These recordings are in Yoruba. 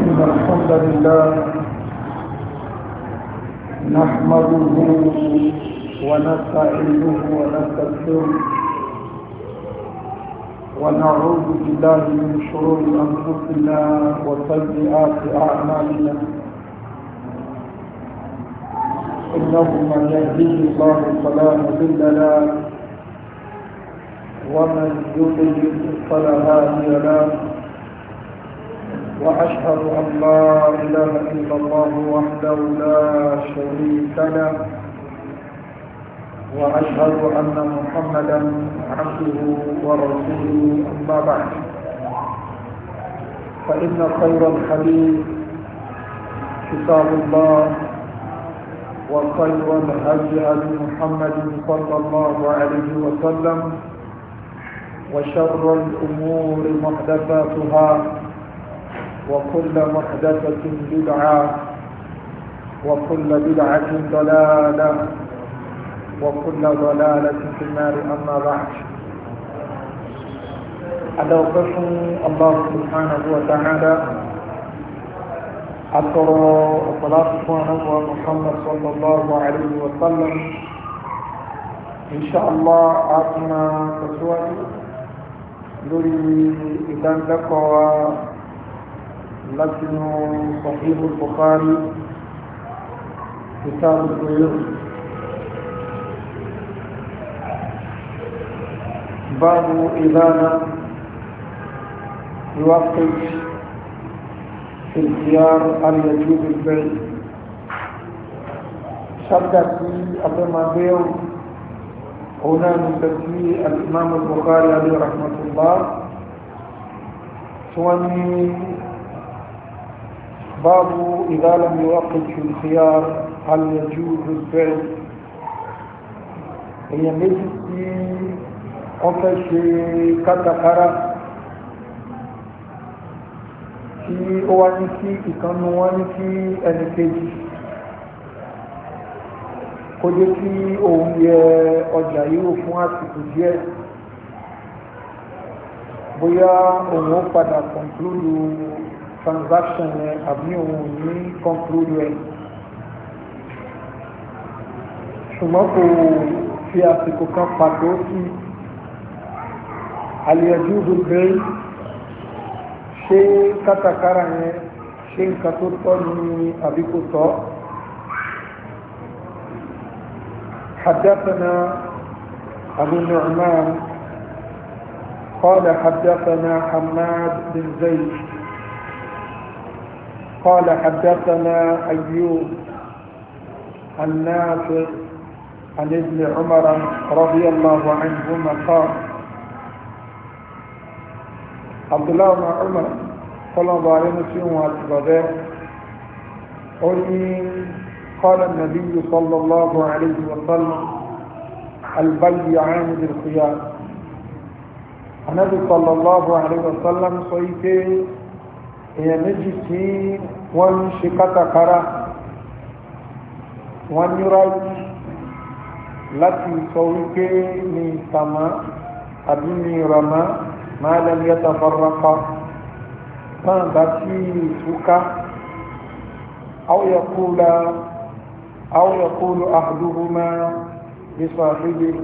إن الحمد لله نحمده ونستعينه ونستغفره ونعوذ بالله من شرور أنفسنا وسيئات أعمالنا إنه من يهديه الله فلا مضل له ومن يطل فلا هادي له واشهد ان لا اله الا الله وحده لا شريك له واشهد ان محمدا عبده ورسوله اما بعد فان خير الحديث كتاب الله وخير الهدي محمد صلى الله عليه وسلم وشر الأمور محدثاتها وكل محدثة بدعة وكل بدعة ضلالة وكل ضلالة في النار أما بعد أدوقف الله سبحانه وتعالى أترى صلاة سبحانه محمد صلى الله عليه وسلم إن شاء الله أعطنا تسوأ lórí ìdánilẹ́kọ̀ọ́ wa látinú Sahihu Bukhari kitabu al-buyur باب إذا لم يوقف في الخيار هل يجوز البيع شدة في هنا نسمي الإمام البخاري عليه رحمة الله سواني باب إذا لم يوقف في الخيار هل يجوز الفعل هي مجلسي قفش كتكرة tí ó wá ní kí ìkànnù kó jẹ́ kí òun yẹ ọjà yíò fún àsìkò díẹ̀ bóyá òun ó padà conclude transaction yẹn àbí òun ò ní conclude ẹ̀ ṣùgbọ́n kò fi àsìkò kan pàtó sí àlẹ́jú gbogbo ṣé kátàkárà yẹn ṣé nǹkan tó tọ́ ni àbí kò tọ́. حدثنا أبو النعمان قال حدثنا حماد بن زيد قال حدثنا أيوب الناس عن ابن عمر رضي الله عنهما قال عبد الله بن عمر صلى الله عليه وسلم واتباعه قال النبي صلى الله عليه وسلم البيعان بالخيار النبي صلى الله عليه وسلم صيته ينجسي وانشقت كرة ونرج التي صويته من سما أبني رما ما لم يتفرقا ما بسي سكا أو يقول أو يقول أحدهما لصاحبه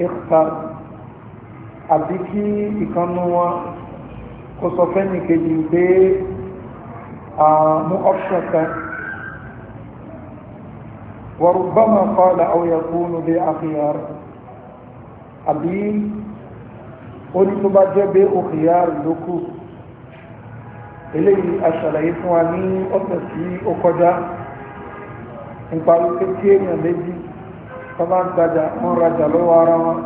اختار àbí kí ìkànnú wọn kó sọ fẹ́ni kejì pé mú ọ́pṣọ̀ kan وربما قال أو يكون بأخيار àbí ó ní tó bá jẹ́ bí òkèyàr lókù eléyìí aṣàlàyé fún wa ní ọ̀sẹ̀ tí ó kọjá nípa wípé kí èèyàn méjì wọ́n bá ń tajà wọ́n rajà lọ́wọ́ ara wọn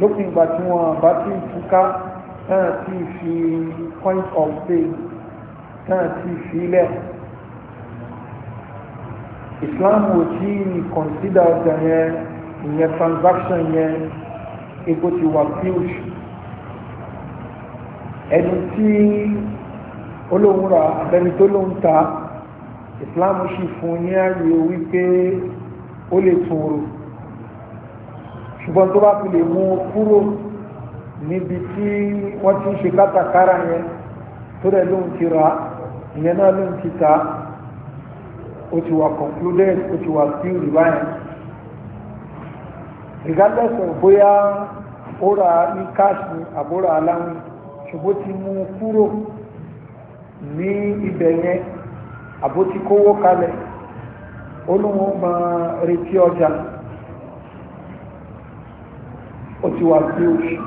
lópin ìgbà tí wọ́n bá ti túká náà ti fi point of sale náà ti fi lẹ̀ Islam ò tí ì consider ọjà yẹn ìyẹn transaction yẹn epo ti wà huge ẹni tí olóhùn ra abẹni tó lóhùn ta islam sì fún ní ààyè wípé ó lè tún rò ṣùgbọ́n tó bá fi lè mú kúrò níbi tí wọ́n ti ń ṣe kátàkárà yẹn tó rẹ̀ ló ń ti rà ìyẹn náà ló ń ti ta ó ti wà concluded ó ti wà still divine regardless of bóyá ó ra ní cash ní àbúrò aláwìn ṣùgbọ́n ti mú kúrò ní ibẹ̀ yẹn àbó ti kówó kalẹ̀ olóhùn máa retí ọjà ó ti wà sí oṣù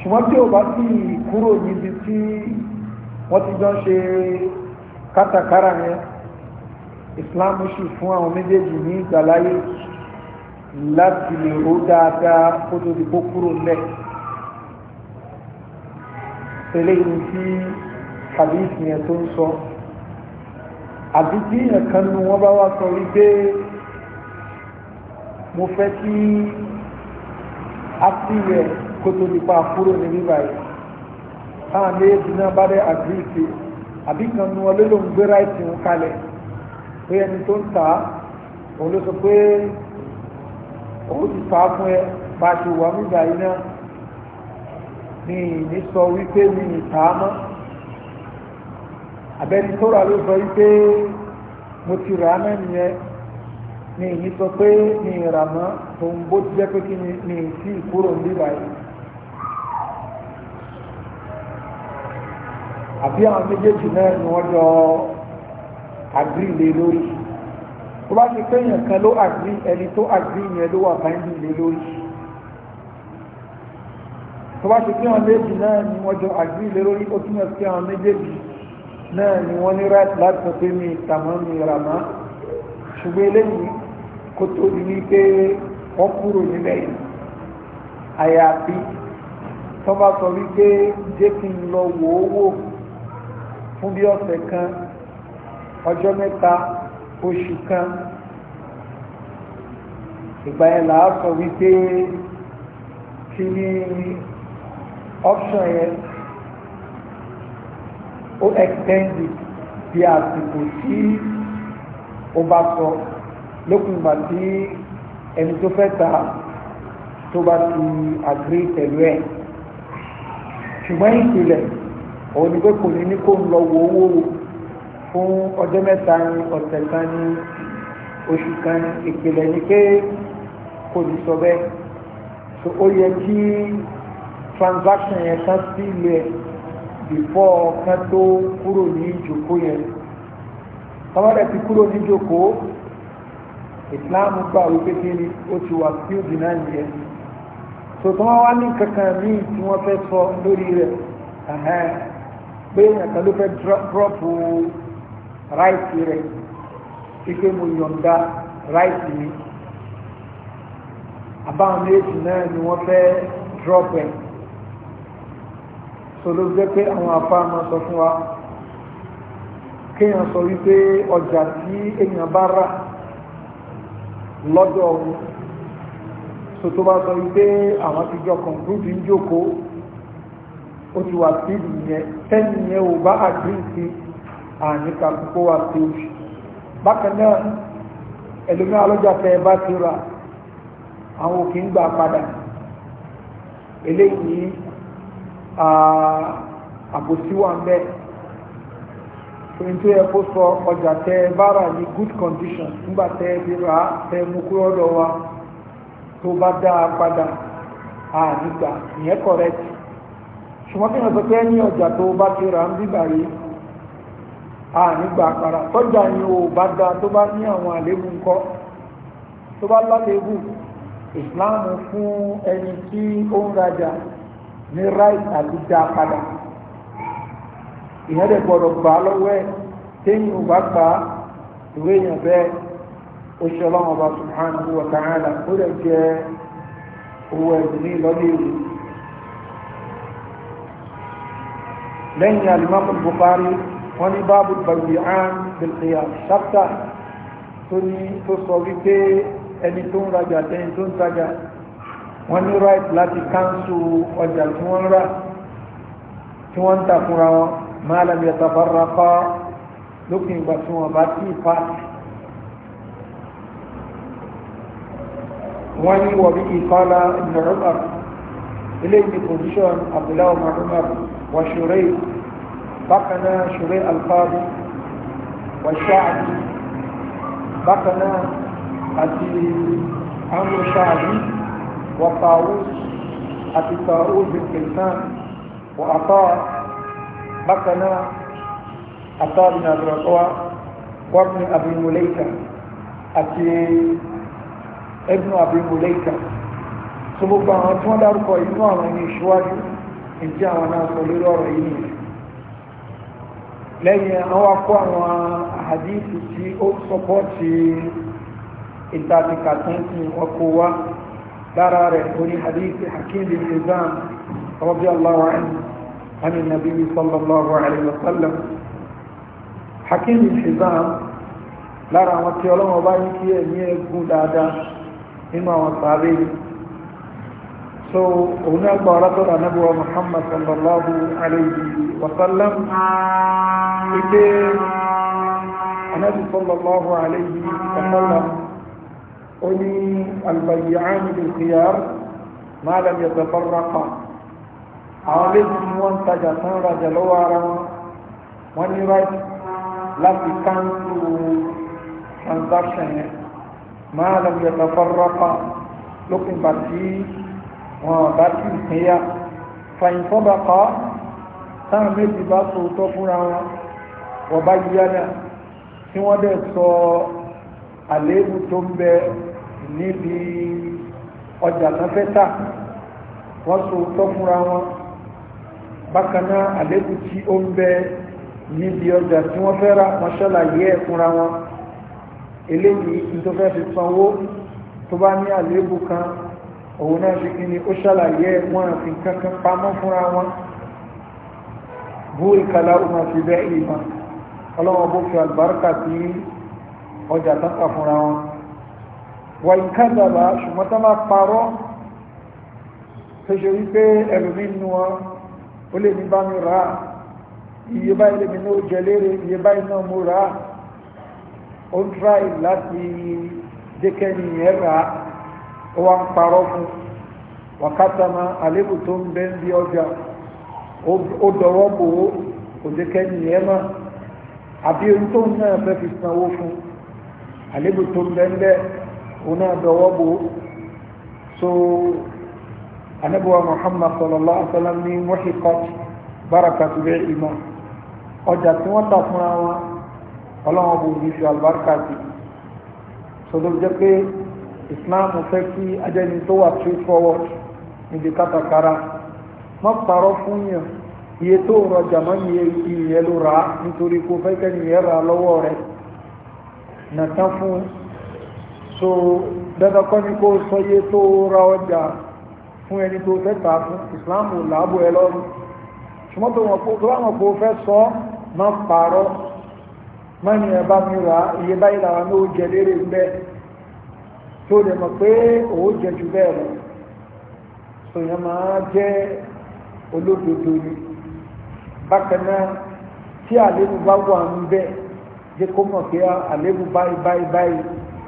ṣùgbọ́n tí o bá sì kúrò níbi tí wọ́n ti jọ ń ṣe kátàkárà yẹn Islam ṣì fún àwọn méjèèjì ní ìgbàláyé láti lè ró dáadáa kó tó di kó kúrò lẹ̀ tẹ́lẹ̀ ní tí hadith yẹn tó ń sọ. So àbí tí èèyàn kan nu wọ́n bá wá sọ wípé mo fẹ́ kí ápìlẹ̀ kó tó nípa kúrò ní bíbá yìí táwọn méjì náà bá dẹ̀ àgbírí pé àbí kan nu ọlọ́lọ́ ń gbé ráìtì ń kalẹ̀ pé ẹni tó ń ta òun ló sọ pé òun ti ta fún ẹ bá a ṣe wà nígbà yìí náà ní ìní sọ wípé mi ì ta á mọ́ àbẹ́ni tó rà ló sọ wípé mo ti rà mẹ́rin yẹn ni èyí sọ pé ni ìràmọ́ òun bó ti jẹ́ pé kí ni ìsí ìkúrò ń bíbá àbí àwọn méjèèjì náà ni wọ́n jọ àgírí lé lórí tó bá ti pé èèyàn kan ló àgírí ẹni tó àgírí yẹn ló wà báyìí lé lórí tó bá ti pé àwọn méjèèjì náà ni wọ́n jọ àgírí lé lórí ó túmọ̀ sí àwọn méjèèjì náà ni wọ́n ní right láti sọ pé mi ìtàmọ́ mi ràmá ṣùgbọ́n eléyìí kó tó di ní pé wọ́n kúrò nílẹ̀ yìí àyàfi tó bá sọ wípé jẹ́ kí n lọ wò ó wò fún bí ọ̀sẹ̀ kan ọjọ́ mẹ́ta oṣù kan ìgbà yẹn là á sọ wípé kí ni option yẹn ó ẹ̀kẹ́ndì bí àsìkò tí ó bá sọ lókùn ìgbà tí ẹni tó fẹ́ ta tó bá ti àgírí pẹ̀lú ẹ̀ ṣùgbọ́n ìpìlẹ̀ òun ni pé kò ní ní kó ń lọ wo owó fún ọjọ́ mẹ́ta ní ọ̀sẹ̀ kan ní oṣù kan ní ìpìlẹ̀ ni pé kò ní sọ bẹ́ẹ̀ so ó yẹ kí transaction yẹn kan sí ilé ẹ̀ ìfọ́ ọ̀kan tó kúrò ní ìjòkó yẹn tọ́wọ́dẹ̀ ti kúrò ní ìjòkó ìsìláàmù gbà wípé kí ni ó ti wà sí òdì náà yẹn tó tọ́wọ́ wá ní kankan míì tí wọ́n fẹ́ sọ lórí rẹ̀ pé èèyàn kan ló fẹ́ dírọ́pù ráìtì rẹ̀ pípé mo yọ̀ǹda ráìtì mi àbáwọn méjì náà ni wọ́n fẹ́ dírọ́pù ẹ̀ tó ló jẹ́ pé àwọn àpá máa sọ fún wa kéèyàn sọ wípé ọjà tí èèyàn bá rà lọ́dọ̀ ọ̀hún so tó bá sọ wípé àwọn ti jọ kọ̀ǹpútì ń jókòó ó ti wà sí ìyẹn tẹ́ni yẹn ò bá àgbíǹsì àníkà púpọ̀ wà sí oṣù bákan náà àbòsí wà ń sọ ọjà tẹ bára ní good condition nígbà ra tẹ wa tó bá dá a padà àdìgbà ìyẹn correct ṣùgbọ́n kí ọjà tó bá ti ń bíbà yìí tọ́jà ni ò bá dá tó bá ní àwọn àléébù ńkọ́ fún ẹni tí ó ń ní right àti dá padà ìyẹn lè gbọdọ̀ gbà lọ́wọ́ ẹ̀ téyìn ò bá gbà ìwé èèyàn bẹ́ẹ̀ ó ṣe ọlọ́run ọba subhanahu wa ta'ala ó lè jẹ owó ẹ̀sìn ní ìlọ́lẹ̀ èyí lẹ́yìn alimami Bukhari wọ́n ní báàbù bàbíyàn bìlìyà ṣáptà tó ní tó sọ wípé ẹni tó ń rajà àtẹni tó ń tajà wọ́n ní right láti káńsù ọjà tí wọ́n rà tí wọ́n ń ta fúnra wọn máa lẹ́nu ẹ̀ta fara pa lópin ìgbà tí wọ́n bá tí ì pa. wọ́n ní wọ̀bí ìkọ́lá ìmọ̀ràn eléyìí position abdullahi muhammad wa ṣùrẹ́ bákan náà ṣùrẹ́ alfáàbù wa ṣáàbù bákan náà àti àwọn ṣáàbù. وطاووس أتي طاووس بن كيسان وعطاء بكنا عطاء بن أبي رطوة وابن أبي مليكة أتي ابن أبي مليكة gbogbo àwọn tí wọ́n dárúkọ inú àwọn ẹni ìṣíwájú ìdí àwọn náà sọ lórí ọ̀rọ̀ yìí nìyẹn lẹ́yìn àwọn akọ àwọn àdíìsì tí ó lára rẹ̀ orí hadithi hakim bin hizam radiyallahu anhu عن النبي صلى الله عليه وسلم hakim bin hizam lára àwọn tí ọlọ́wọ́ bá ní kí ẹ̀mí ẹgún dáadáa nínú àwọn sàárè so òun náà gba ọlọ́tọ́dà nábúwá muhammad sallallahu alayhi wa sallam ike anábì sallallahu alayhi wa sallam أولي البيعان بالخيار ما لم يتفرقا عالم وانتج سنرى جلوارا ونرد لفي كانسو transaction ما لم يتفرقا لكن باتي وباتي هي فإن صدقا táwọn méjì bá sòótọ́ fúnra wọn wọ́n bá yíyá náà tí wọ́n dẹ̀ sọ àléébù tó ń bẹ níbi ọjà lọ́fẹ́ta wọ́n so tọ́ fúnra wọn bákaná àlékù tí ó ń bẹ níbi ọjà tí wọ́n fẹ́ ra wọ́n ṣàlàyé ẹ̀ fúnra wọn eléyìí tó fẹ́ fi sanwó tó bá ní àlékù kan òun náà ṣe kí ni ó ṣàlàyé ẹ̀ wọ́n àfi kankan pamọ́ fúnra wọn bú ìkàlà òun àti bẹ́ẹ̀ ìmọ̀ ọlọ́wọ́n bó fi àlùbáríkà sí ọjà tán fúnra wọn wà ìkádàbà ṣùgbọ́n tó máa parọ́ tó ṣe wípé ẹ̀rùmí nù wọn ó lè ní bá mi rà á iye báyìí lèmi náà jẹ lérè iye báyìí náà mo rà á ó ń tíráì láti dékẹ́ nìyẹn rà á ó wá ń parọ́ fún wàkátàmá àlébù tó ń bẹ́ ń bí ọjà ó dọ̀rọ̀ bò ó kò dékẹ́ nìyẹn mọ́ àbí ohun tó ń náà fẹ́ fi sanwó fún àlébù tó ń bẹ́ ń bẹ́ẹ̀ òun náà dọwọ́ bò ó so anabuwa muhammad sallallahu alaihi wa sallam ní muhiqat barakatu bẹ́ẹ̀ ìmọ̀ ọjà tí wọ́n tà fúnra wọn ọlọ́wọ́n bò ní fi àlùbáríkà sí sọdọ́ jẹ́ pé islam fẹ́ kí ajẹ́ni tó wà straight forward níbi kátàkárà má parọ́ fún yàn iye tó rọjà má ní iye ló rà á nítorí kó fẹ́ kẹ́ni yẹn rà lọ́wọ́ rẹ̀ nàtán fún un so dandan kọ́ ni kó sọ iye tó ra ọjà fún ẹni tó fẹ́ tà fún ìsìláàmù làábò ẹ lọ́rùn ṣùgbọ́n tó wọ́n kó fẹ́ sọ má pààrọ̀ má ní ẹ bá mi rà iye báyìí làwọn ní ó jẹ lérè bẹ́ẹ̀ tó lè mọ̀ pé òun jẹ jù bẹ́ẹ̀ lọ sòyàn máa jẹ́ olódodo ni bákan náà tí àlébù bá wà ń bẹ́ẹ̀ jẹ́ kó mọ̀ pé àlébù báyìí báyìí báyìí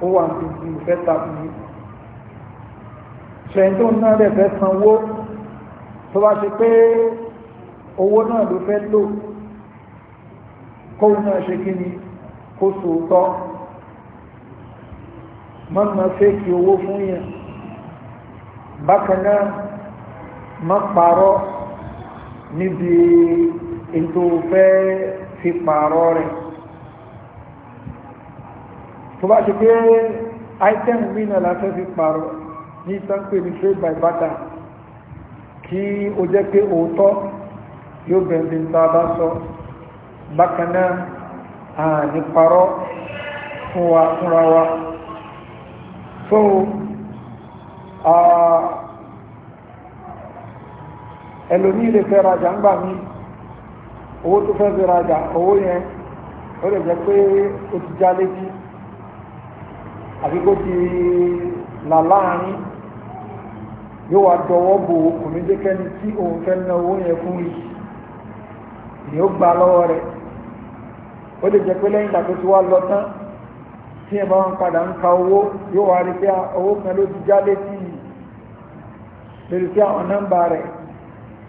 ó wà ní ti ìfẹ́ tàbí yìí ṣẹ̀yìn tó náà rẹ̀ fẹ́ sanwó tó bá ṣe pé owó náà ló fẹ́ lò kóhun náà ṣe kí kó sòótọ́ mọ́nà fẹ́kì owó fún yẹn bákan má pààrọ̀ níbi ètò fẹ́ fi pààrọ̀ rẹ̀ tó ṣe pé item mina láti fi pààrọ̀ ní sáńpé ní trade by barter kí ó jẹ́ pé òótọ́ yóò bẹ̀rẹ̀ ní ta bá sọ bákan àní parọ́ fún wa fúnra wa so ẹlòmí lè fẹ́ rajà ń gbà mí owó tó fẹ́ fi rajà owó yẹn ó lè jẹ́ pé ó ti já létí àbí kó ti là láàrin yóò wá dọwọ́ bo òkùnrin dékẹ́ni tí òun fẹ́ ná owó yẹn fún yìí ni ó gba lọ́wọ́ rẹ̀ ó lè jẹ́ pé lẹ́yìn ìgbà tó ti wá lọ tán tí ẹ bá wọn padà ń ka owó yóò wá rí pé owó kan ló ti jáde sí lórí pé àwọn nọ́mbà rẹ̀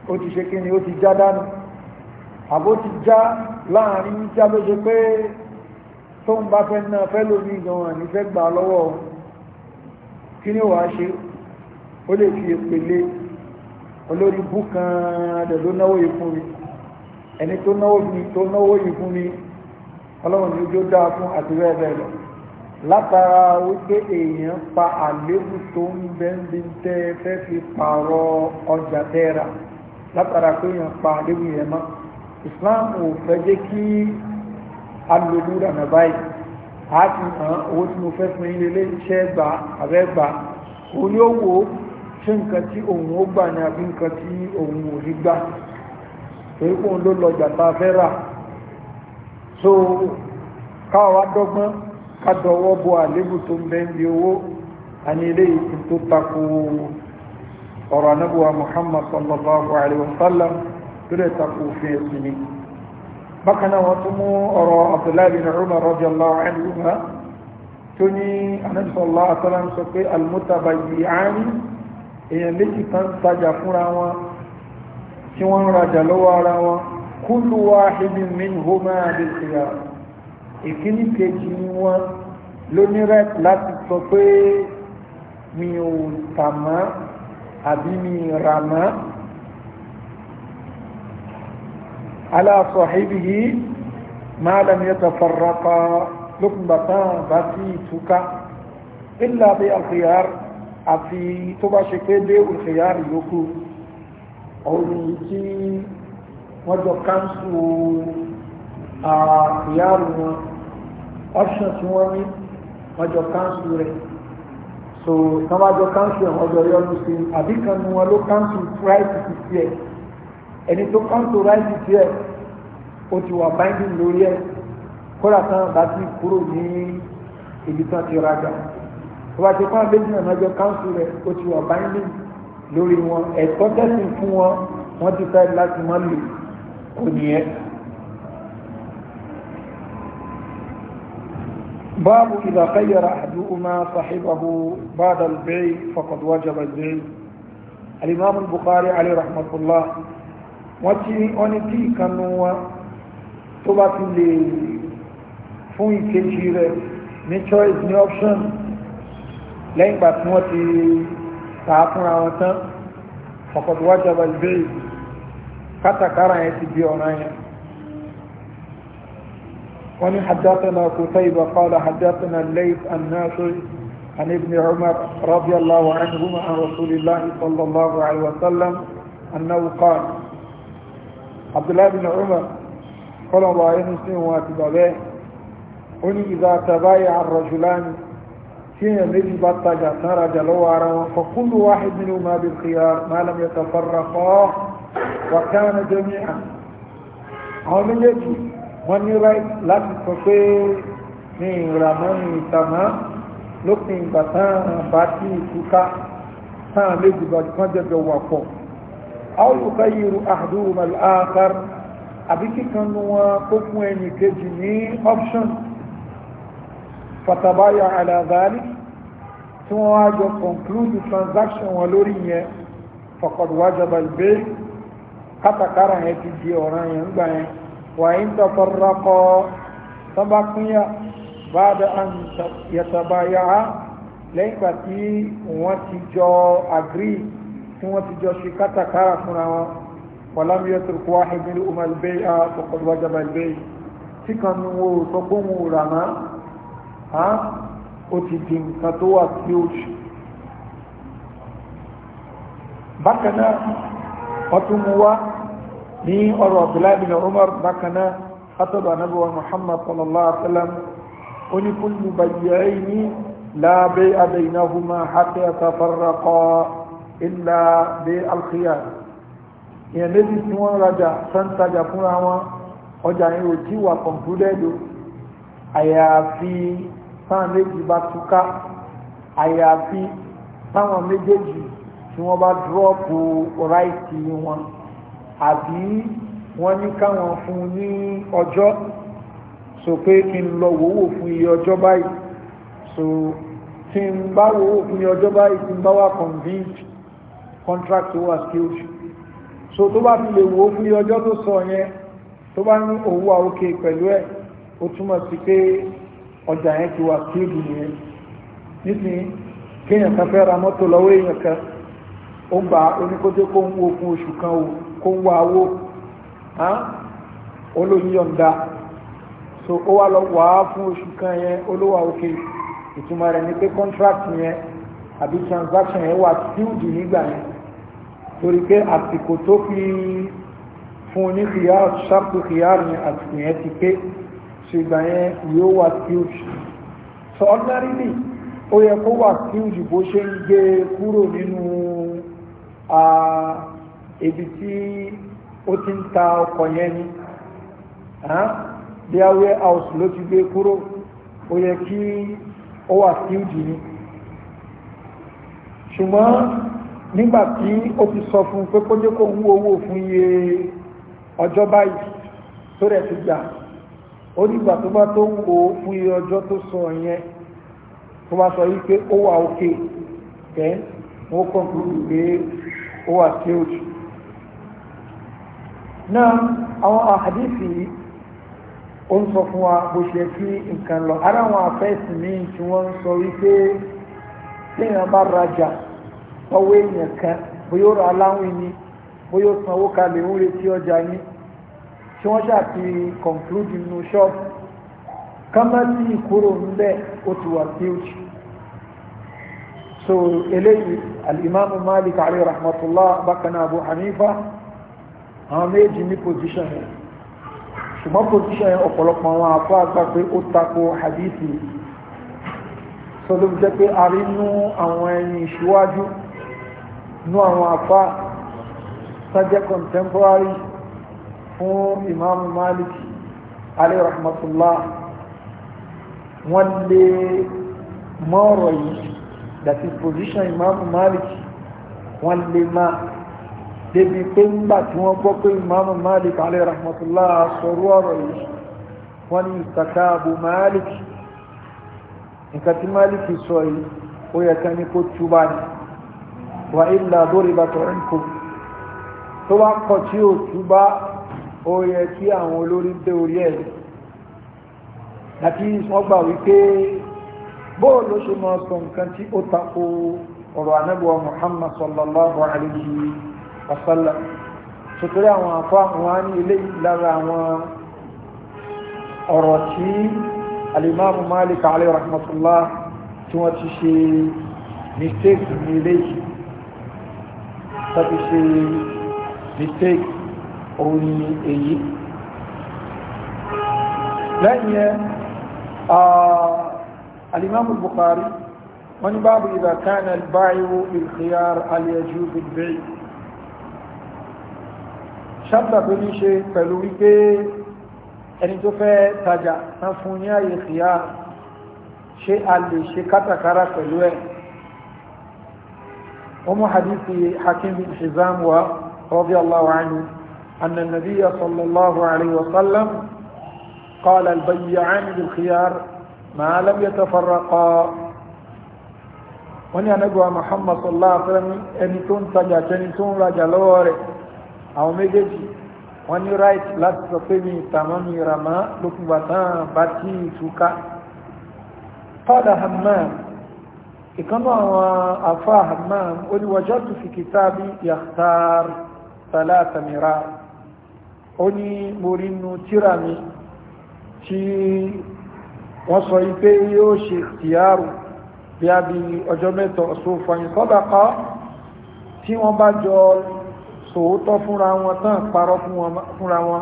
ó ti ṣe kí ni ó ti já dànù àbó ti já láàrin já ṣe pé tó ń bá fẹ́ náà fẹ́ lómi gan-an ní fẹ́ gbà lọ́wọ́ kí ni wàá ṣe ó lè fi èpèlé olórí bú kan adẹ̀ ló náwó yìí fún mi ẹni tó náwó mi tó náwó yìí fún mi ọlọ́run ní ojú dáa fún àti bẹ́ẹ̀ bẹ́ẹ̀ lọ látara wípé èèyàn pa àléébù tó ń bẹ́ńbí tẹ́ fẹ́ fi pààrọ̀ ọjà tẹ́ra látara pé èèyàn pa àléébù yẹn mọ́ Islam ò fẹ́ jẹ́ kí alòlúra nà báyìí a ti hàn owó tí mo fẹ́ fún yín lélé iṣẹ́ gbà abẹ́ gbà òun ni ó wò ó ṣé nǹkan tí òun ó gbà ní àbí nǹkan tí òun ò rí gbà torí pé òun ló lọ jàtà fẹ́ rà so káwa dọ́gbọ́n ká dọwọ́ bo àlébù tó ń bẹ́ ń di owó àní ilé ìsìn tó tako ọ̀rọ̀ anábùwà muhammad sallallahu alayhi wa sallam tó dẹ̀ tako òfin ẹ̀sìn ni bákaná wọn tó mú ọ̀rọ̀ abdullahi bin umar radiyallahu anhuma tó ní anábìsọ̀lá àtàlám sọ pé almutabayyi'an èèyàn méjì kan tajà fúnra wọn tí wọ́n ń rajà lọ́wọ́ ara wọn kullu wahidin minhuma àdéṣìyà ìkíní kejì wọn ló ní láti sọ pé mi ò tàmá àbí mi ràmá ala sahibihi ma lam yatafarraqa lókùnbàtán bá sí ìtúká illa bi al-khiyar àti tó bá ṣe pé dé al-khiyar yòókù ọ̀rùn tí wọ́n jọ káńsù àkìyàrù wọn option tí wọ́n ní wọ́n jọ káńsù rẹ̀ so tán bá jọ káńsù ẹ̀ wọ́n jọ yọ́nu sí àbíkanu wọn ló káńsù price ti tiẹ̀ ẹni tó kọ́ńtò ráìsì tiẹ̀ ó ti wà báyìí lórí ẹ̀ kóra tán bá ti kúrò ní ibi tán ti rajà tó bá ti pọ́n abéjì náà lọ́jọ́ káńtò rẹ̀ ó ti wà báyìí lórí wọn ẹ̀tọ́ tẹ̀sìn fún wọn wọ́n ti fẹ́ láti mọ́ lò kò nìyẹn. باب إذا خير أحدهما صاحبه بعد البيع فقد وجب البيع الإمام البخاري عليه رحمة الله wọ́n tí wọ́n ní tí ìkanu wọn tó bá ti lè fún ìkejì rẹ̀ ní choice ní option lẹ́yìn ìgbà tí wọ́n ti tà á fúnra wọn tán ọ̀kọ̀tọ̀ wájú abalibéyì kátàkárà yẹn ti bí ọ̀ràn yẹn ومن حدثنا قتيبة قال حدثنا الليث الناصر عن ابن عمر رضي الله عنهما عن رسول الله صلى الله عليه وسلم أنه قال abdullahi bin umar kọlọ̀bọ̀ ayéni sí wọn àti bàbẹ́ ó ní ìdá tàbáyà àrọ̀jùláni tí èèyàn méjì bá tajà tán rajà lọ́wọ́ ara wọn fọkúlù wáhid nínú máa bí kíyà málam yẹ tafarra kọ́ wà káàna jẹ́mi à àwọn méjèèjì wọ́n ní ráì láti sọ pé ní ìrànà ní ìtàmá lópin ìgbà tán bá tí ìtúká tán méjì bá jẹ́ wà pọ̀ aw yukhayyiru ahaduhum al-akhar àbí kíkan nu wọn kó fún ẹnì kejì ní option fatabaya ala tí wọ́n á jọ conclude transaction wọn lórí yẹn faqad wajaba al-bay' kátàkárà yẹn ti di ọ̀ràn yẹn gbà yẹn wa in tafarraqa sábàkúnyà ba'da an yatabaya'a lẹ́yìn pàtí wọ́n ti jọ agree tí wọ́n ti jọ ṣe kátàkárà fúnra wọn wàlámi yẹtùrù kó wáhìbí umar bay a tọkọlù wájàbá bay tí kan nu wo sọ pé òun ò rà mọ́ á ó ti di nǹkan tó wà tí ó ṣe ìlà bí alkhiyar ìyẹn méjì tí wọ́n rajà sántajà fúnra wọn ọjà yìí ò tí wà kọ̀ǹpútẹ́ẹ̀dù àyàfi táwọn méjì bá túká àyàfi táwọn méjèèjì tí wọ́n bá dúrọ́ọ̀pù ráìtì wọn àbí wọ́n ní káwọn fún ní ọjọ́ so pé kí n lọ wòwò fún iye ọjọ́ báyìí so tí n bá wòwò fún iye ọjọ́ báyìí tí n bá wà convinced contract tó wà skilled so tó bá fi lè wo fún ọjọ́ tó sọ yẹn tó bá ní owó àókè pẹ̀lú ẹ̀ ó túmọ̀ sí pé ọjà yẹn ti wà skilled nìyẹn nísìnyí kéèyàn kan fẹ́ ra mọ́tò lọ́wọ́ èèyàn kan ó gba oníkójó kó ń wo fún oṣù kan o kó ń wá owó olóyíyọ̀ǹda so ó wá lọ wà fún oṣù kan yẹn olówó àókè ìtumọ̀ rẹ̀ ni pé contract yẹn àbí transaction yẹn wà skilled nígbà yẹn torí pé àsìkò tó fi fún ní khiyar ṣàpù khiyar ní àsìkò yẹn ti pé ṣùgbà yẹn yóò wà huge so ordinarily ó yẹ kó wà huge bó ṣe ń gbé kúrò nínú ibi tí ó ti ń ta ọkọ̀ yẹn ni bí a warehouse ló ti gbé kúrò ó yẹ kí ó wà huge ni ṣùgbọ́n nígbàtí ó ti sọ fún pé kó jẹ́ kó ń owó fún iye ọjọ́ báyìí tó rẹ̀ ti gbà ó nígbà tó bá tó ń wo fún iye ọjọ́ tó sọ yẹn tó bá sọ wípé ó wà òkè ẹ́ wọ́n kọ̀ǹkúrú pé ó wà tí ó náà àwọn àdífì ó ń sọ fún wa bó ṣe kí nǹkan lọ ara àwọn afẹ́sìn míì tí wọ́n ń sọ wípé téèyàn bá rajà tọwọ́ èèyàn kan bóyá ó aláwìn ni bóyá ó sanwó kalẹ̀ ń retí ọjà ni tí wọ́n ṣàti conclude nínú ṣọ́ọ̀bù kámẹ́tì ìkúrò ńlẹ̀ ó ti wà fíjì so eléyìí alìmáàmù Malik alayhi rahmatullah bákan Abu Hanifa àwọn méjì ní position yẹn ṣùgbọ́n position yẹn ọ̀pọ̀lọpọ̀ àwọn àfọ́ àgbà pé ó tako hadithi so ló jẹ́ pé a rí nú àwọn ẹni ìṣíwájú so, nú àwọn afá sájẹ́ contemporary fún imaamu malik alayhi rahmatullah wọ́n lè mọ́ọ̀rọ̀ yìí that is position imaamu malik wọ́n lè máa débi pé ńgbà tí wọ́n gbọ́ pé imaamu malik alayhi rahmatullah sọ̀rọ̀ ọ̀rọ̀ yìí wọ́n ní ìsàkáàbù malik nǹkan tí malik sọ yìí ó yẹ ká ní kó túbà ni wà ilà dóríbàtọ̀ ẹnkù tó bá kọ̀ tí ó túbá ó yẹ kí àwọn olórí dé orí ẹ̀ àti wọ́n gbà wípé bóò ló ṣe máa sọ nǹkan tí ó tako ọ̀rọ̀ anábíwá muhammad sallallahu alayhi wa sallam sotori àwọn afọ àwọn á ní ilé lára àwọn ọ̀rọ̀ tí alimami malik alayhi rahmatullah tí wọ́n ti ṣe mistake ní ilé yìí tàbí ṣe mistake òun ni èyí lẹ́yìn ẹ alimamu Bukhari wọ́n ní báàbù idha kana al-bay'u bil-khiyar al-yajuz bil-bay' ṣáàtà tó ní ṣe pẹ̀lú wípé ẹni tó fẹ́ tajà tán fún ní àyè ṣe a lè ṣe kátàkárà pẹ̀lú ẹ̀ ومو حديث حكيم بن حزام رضي الله عنه أن النبي صلى الله عليه وسلم قال البيعان بالخيار ما لم يتفرقا وني أنبوى محمد صلى الله عليه وسلم أن تنتج تنتون رجلور أو مجدي وني رايت لا تستطيع تمامي رما لكم بطان باتي سوكا قال همام ìkánú àwọn afá hammam ó ní wajadtu fi kitabi yakhtar thalatha mirar ó ní morí nu tíra mi tí wọ́n sọ ipé yóò ṣe ìyàrù bí a bí ọjọ́ mẹ́tọ̀ sófàyìn sadaqa tí wọ́n bá jọ sòótọ́ fúnra wọn tán parọ́ fúnra wọn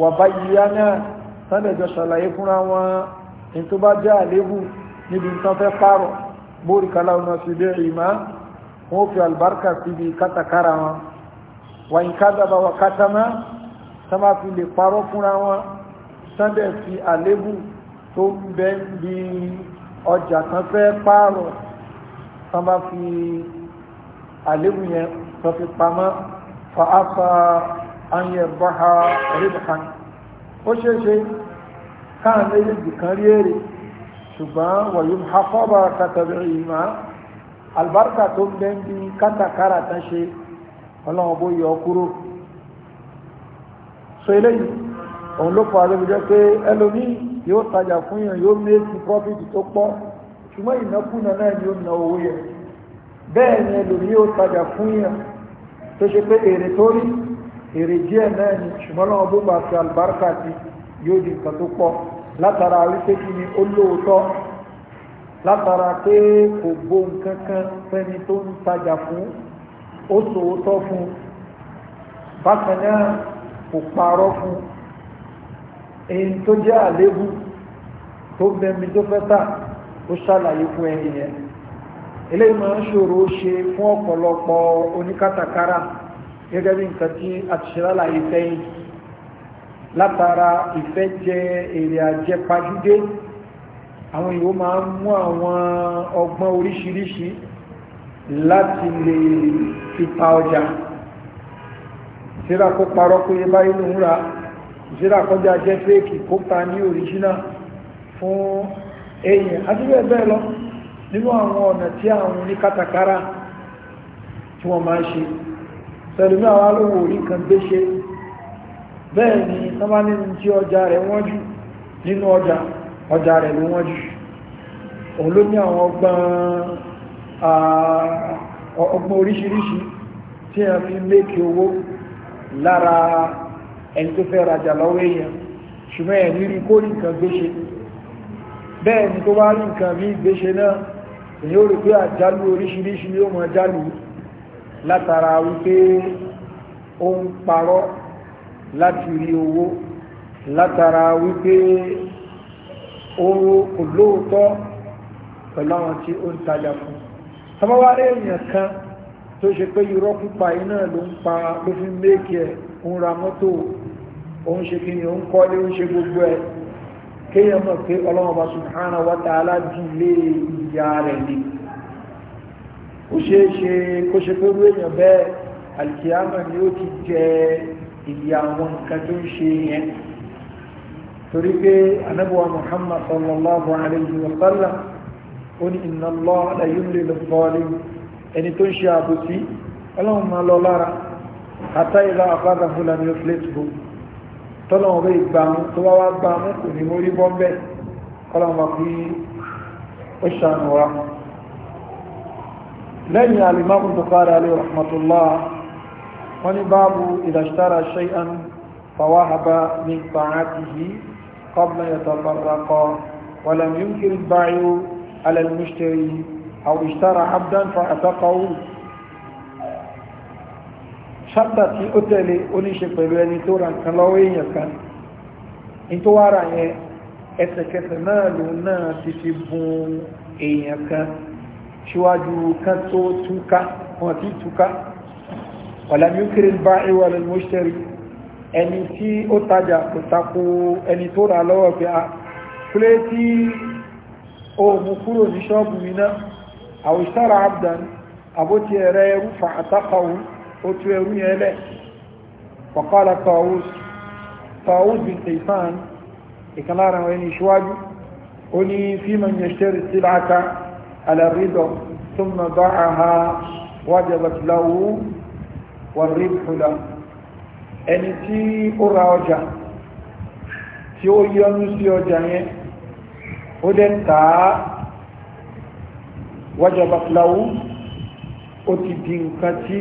wà bá yíyá náà tán lẹ́jọ ṣàlàyé fúnra wọn ní tó bá jẹ́ àléébù níbi tán fẹ́ parọ́ بورك لهما في بيعهما وفي البركة في كتكرما وإن كذب وكتما سما في لقارفنا سند في ألبو ثم بي ọjà kan fẹ́ paro, sama bá fi àléwù yẹn tán fi pamọ́ fa ápa ayẹ bọ́ha rìbùkan ó ṣeéṣe káà méjèèjì kan rí èrè ṣùgbọ́n wọ̀nyún hakọ́bà kàtàbìrì ìmá albarka tó ń bẹ́ ń bí kátàkárà tán ṣe ọlọ́run bó yọ kúrò so eléyìí òun ló pàdé bí jẹ́ pé ẹlòmí yóò tajà fún yàn yóò méjì profit tó pọ̀ ṣùgbọ́n ìnákúnà náà ni ó na owó yẹn bẹ́ẹ̀ ni ẹlòmí yóò tajà fún yàn tó ṣe pé èrè tó rí èrè díẹ̀ náà ni ṣùgbọ́n lọ́wọ́ bó bá fi albarka ti yóò di nǹkan tó pọ̀ látara wípé kí ni ó lóòótọ́ látara pé kò gbó nǹkan kan fẹ́ni tó ń tajà fún ó sòótọ́ fún bákan náà kò parọ́ fún èyí tó jẹ́ àléébù tó bẹ̀mí tó fẹ́ tà ó ṣàlàyé fún ẹni yẹn eléyìí máa ń ṣòro ṣe fún ọ̀pọ̀lọpọ̀ oníkátàkárà gẹ́gẹ́ bí nǹkan tí àtìṣe lálàyé sẹ́yìn látara ìfẹ́ jẹ èrè àjẹpajúdé àwọn èèyàn máa ń mú àwọn ọgbọ́n oríṣiríṣi láti lè fi ta ọjà síra kó parọ́ pé báyìí ló ń ra síra kọjá jẹ́ fẹ́ẹ̀kì kó ta ní òríjínà fún èèyàn àti bẹ́ẹ̀ lọ nínú àwọn ọ̀nà tí àwọn oníkátàkárà tí wọ́n máa ń ṣe pẹ̀lú ní àwọn alówó orí kan gbé ṣe bẹ́ẹ̀ ni sábàní ní tí ọjà rẹ̀ wọ́n jù nínú ọjà ọjà rẹ̀ ló wọ́n jù òun ló ní àwọn ọgbọ́n oríṣiríṣi tí a fi méèkì owó lára ẹni tó fẹ́ rajà lọ́wọ́ èèyàn ṣùgbọ́n ẹ̀ ní rí kó rí nǹkan gbéṣe bẹ́ẹ̀ ni tó bá rí nǹkan bí gbéṣe náà èyí ó rí pé àjálù oríṣiríṣi yóò mọ jálù látara wípé ó ń parọ́ láti rí owó látara wípé oró kò lóòótọ́ pẹ̀lú àwọn tí ó ń tajà fún tọ́bọ́wárẹ́ èèyàn kan tó ṣe pé irọ́ pípa iná ló ń pa ló fi méèkì ẹ̀ ń ra mọ́tò òun ṣe kí ni òun kọ́lé ó ṣe gbogbo ẹ̀ kéèyàn mọ̀ pé ọlọ́run ọba subhanahu wa ta'ala jù lé ìyá rẹ̀ ni ó ṣeé ṣe kó ṣe pé irú èèyàn bẹ́ẹ̀ àlìkìyàmọ̀ ni ó ti jẹ́ ìdí àwọn nǹkan tó ń ṣe yẹn torí pé anábọ̀wá muhammad sallallahu alayhi wa sallam ó ní inna Allah la yudlil zalim ẹni tó ń ṣe àbòsí ọlọ́run máa lọ lára hatta idha akhadhahu lam yuflithu tọ́lọ́run bẹ́ẹ̀ gbàmú tó bá wá gbàmú kò ní mórí bọ́ bẹ́ẹ̀ kọ́lọ́run bá fi ó ṣàánú wa lẹ́yìn alimami Bukhari alayhi rahmatullah wọ́n ní báàbù ìdàṣítàrà ṣe'an fàwáhàbá ní tààtìhì kọ́bùnà yàtọ̀fàrakọ wàlàm yún kiri báyó alẹ́lmùsítẹ̀rì àwọn ìṣtàrà abdán fàtàkọ̀wù ṣáta tí ó tẹ̀lé oníṣe pẹ̀lú ẹni tó ra nǹkan lọ́wọ́ èèyàn kan ní tó wá ra yẹn ẹsẹ̀kẹsẹ̀ náà lòun náà ti fi bùn èèyàn kan ṣíwájú kan tó túká wọn ti túká ọ̀làmí òkèrè bá ìwà lè mọ́ṣẹ́rì ẹni tí ó tajà kò takò ẹni tó rà lọ́wọ́ pé a kúlé tí ó mú kúrò ní ṣọ́ọ̀bù mi náà àwòṣára abdan àbótí ẹ̀rẹ́ ẹrú fa àtàkàwù ó tú ẹrú yẹn lẹ̀ wàkọ́lá والربح له ẹni tí ó ra ọjà tí ó yọnú sí ọjà yẹn ó dẹ̀ ń tàá wájọba fúláwú ó ti di nǹkan tí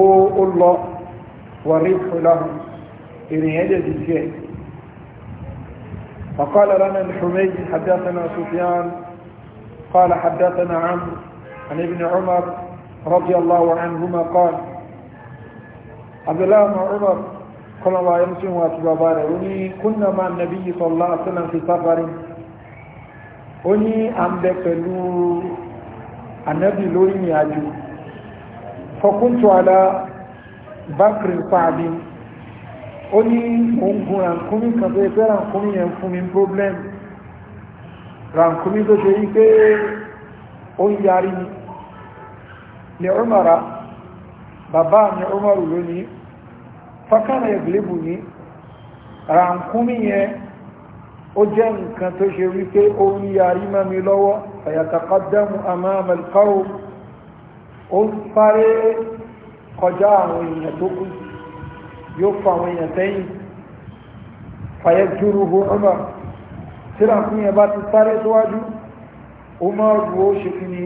ó lọ wàrí fúláwú ìrìnyẹ́ dẹ̀ di tiẹ̀ وقال لنا الحميد حدثنا سفيان قال حدثنا عمرو عن ابن عمر رضي الله عنهما قال عبد الله بن عمر قال الله يمسهم واتباباره وني كنا مع النبي صلى الله عليه وسلم في سفر وني عم بكلو النبي لوني أجو فكنت على بكر صعب وني مونغو رانكومي كبيرة رانكومي ينفومي بروبلم رانكومي دو شيء ó ń yarí ní umara bàbá mi umaru lónìí fakana yaglibu ni ràǹkúmí yẹn ó jẹ́ nǹkan tó ṣe wípé ó ń yarí mọ́ mi lọ́wọ́ fayataqaddamu amama al-qawm ó ń sáré kọjá àwọn èèyàn tó kù yóò fa àwọn èèyàn sẹ́yìn fayajuruhu Umar tíra fún yẹn bá ti sáré síwájú Umar wo ṣe fi ni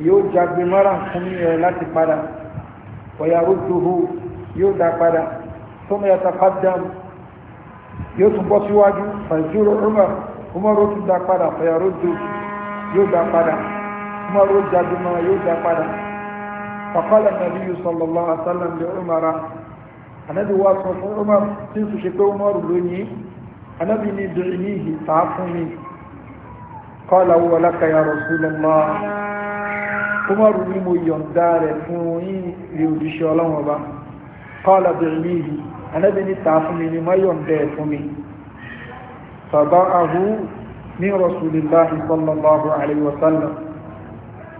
yóò jagbe mọ́ra fún yẹn eh, láti padà ọ̀yàwó dòwò yóò dá padà sọ́nà yàtọ̀ fàdàm yóò tún bọ́ síwájú fàìjúrò Umar Umar ó tún dá padà ọ̀yàwó dòwò yóò dá padà Umar ó jagbe mọ́ra yóò dá padà fàkọ́lẹ̀ nàbí yìí sallallahu alaihi wasallam lè Umar anabi wa sọ fún Umar tí ń sùn ṣe pé Umar lónìí anabi ni dùn ní ìhì tàá fún mi kọ́lá wọlé kàyà Rasulullah umaru ni mo yọ̀ǹda rẹ̀ fún yín rí òjíṣẹ́ ọlọ́run ọba kọ́lá bẹ̀rẹ̀ yìí anábì ní ta fún mi ni má yọ̀ǹda ẹ̀ fún mi bàbá ahu ní rasulillahi sallallahu alayhi wa sallam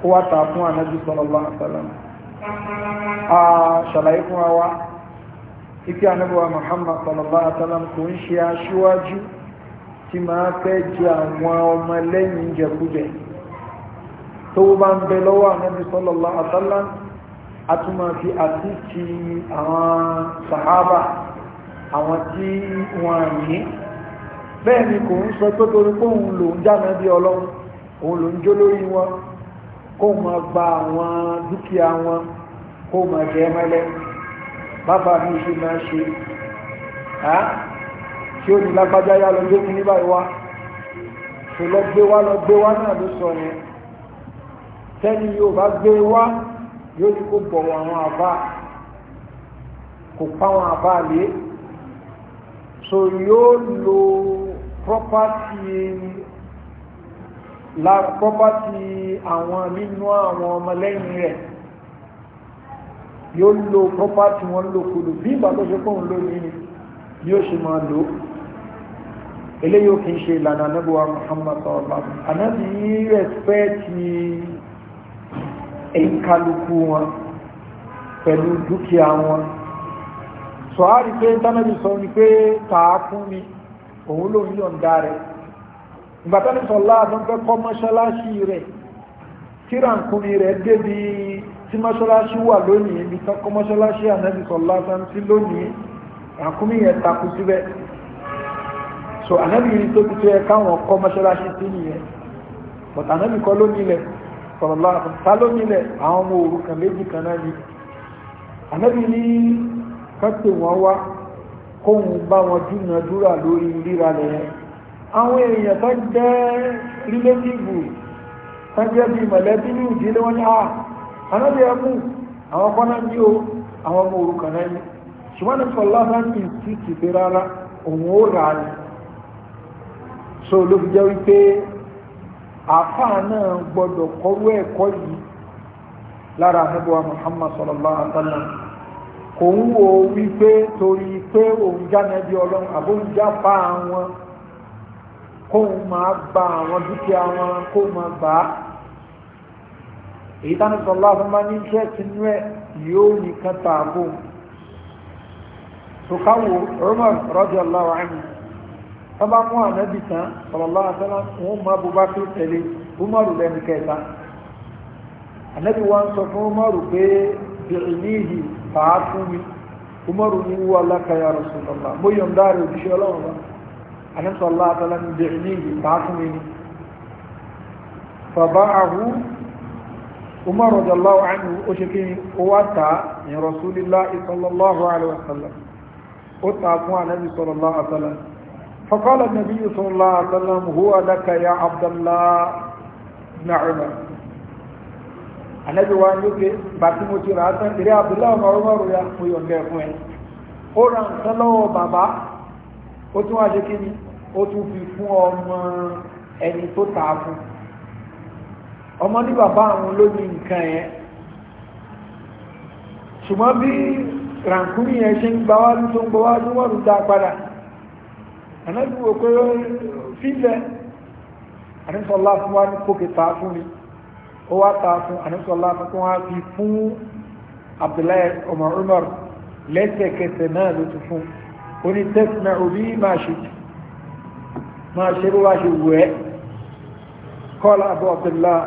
ó wá ta fún anábì sallallahu alayhi wa sallam a ṣàlàyé fún wa tó bá ń bẹ lọ́wọ́ ànábì sallallahu alaihi wasallam a tún máa fi àtìkì àwọn sàhábà àwọn tí wọ́n ní bẹ́ẹ̀ ni kò ń sọ tó torí pé òun lòún jáde bí ọlọ́run òun lòún jó lórí wọn kó máa gba àwọn dúkìá wọn kó máa jẹ mẹ́lẹ́ bàbá mi ṣe máa ṣe tí ó ní lágbájá yá lọ lókun ní báyìí wá ṣùgbọ́n gbé wá lọ gbé wá náà ló sọ yẹn tẹ́ni yóò bá gbé wá yóò ní kó bọ̀wọ̀ àwọn àbá kò pa àwọn àbá lé so yóò lo property la property àwọn nínú àwọn ọmọlẹ́yìn rẹ̀ yóò lo property wọn lòkulò bí ìgbà tó ṣe pọ̀ ń lò ní ni ó ṣe máa lò ó eléyìí ó kì í ṣe ìlànà anábíwá Muhammad sallallahu alaihi wasallam rẹ̀ fẹ́ ti èyí kálukú wọn pẹ̀lú dúkìá wọn sọ á rí pé tánàbí sọ ní pé tàá fún mi òun ló ń yọ̀ǹda rẹ̀ ìgbà tánàbí sọ láàbọ̀ ń fẹ́ kọ́ mọ́ṣáláṣí rẹ̀ kírankùnrin rẹ̀ débi tí mọ́ṣáláṣí wà lónìí ibi tán kọ́ mọ́ṣáláṣí ànábì sọ so ànábì yìí tó ti tó yẹ káwọn kọ́ mọ́ṣáláṣí sí sọ̀rọ̀lá sálómìnlẹ̀ àwọn ọmọ òrukàn méjì kan náà ni ànábì ní kọ́tẹ̀ wọn wá kóhun bá wọn dúnadúrà lórí ríra lẹ́yìn àwọn èèyàn tó jẹ́ rílétìvù tó jẹ́ bí mọ̀lẹ́bí ní ìdílé wọn ní àà ànábì ẹkù àwọn ọkọ náà ní o àwọn ọmọ òrukàn náà ni ṣùgbọ́n ní sọ̀rọ̀lá bá ń rárá òun ó rà á so ló fi jẹ́ wípé àfáà náà gbọ́dọ̀ kọ́rú ẹ̀kọ́ yìí lára nígbà muhammad sallallahu alaihi kò ń wo wípé torí pé òun jánẹbí ọlọ́run àbójá bá wọn kóun máa gba àwọn dúkìá wọn kó máa bá a èyí tánà sọlá fún ní iṣẹ́ tinú ẹ̀ yóò nìkan tààbò tó wọ́n bá mú ànábì tán sallallahu alaihi wasallam wọ́n mú abubakar tẹ̀lé umaru lẹ́nu kẹta ànábì wọn sọ fún umaru pé bìrìníhì fàá fún mi umaru ní wú alákàyà rasulullah mo yọ̀ǹda rẹ̀ òjíṣẹ́ ọlọ́run bá ànábì sallallahu alaihi wasallam bìrìníhì fàá fún mi ni bàbá àhú umaru radallahu anhu ó ṣe kí ni ó wá ta ní rasulillah sallallahu alaihi wasallam ó ta fún ànábì sallallahu alaihi wasallam فقال النبي صلى الله عليه وسلم هو لك يا عبد الله بن عمر anabi wa ni ke bati mo ti ra tan ire abdullah ma umar ya mo yo nge fún ẹ ó ran kan lọ́wọ́ bàbá ó tún wá ṣe kíni ó tún fi fún ọmọ ẹni tó tà fún ọmọ ní bàbá àwọn ló ní nǹkan yẹn ṣùgbọ́n bí ràǹkúrì yẹn ṣe ń gbáwájú tó ń gbáwájú wọ́n rú dá padà ànábì wò pé fílẹ̀ àníṣọ́lá fún wa ní kókè ta fún mi ó wá ta fún àníṣọ́lá fún kí wọ́n á fi fún abdullahi ọmọ umar lẹ́sẹ̀kẹsẹ̀ náà ló ti fún ó ní tẹ́sìmẹ̀ òbí máa ṣe máa ṣe bí wá ṣe wù ẹ́ kọ́lá abu abdullahi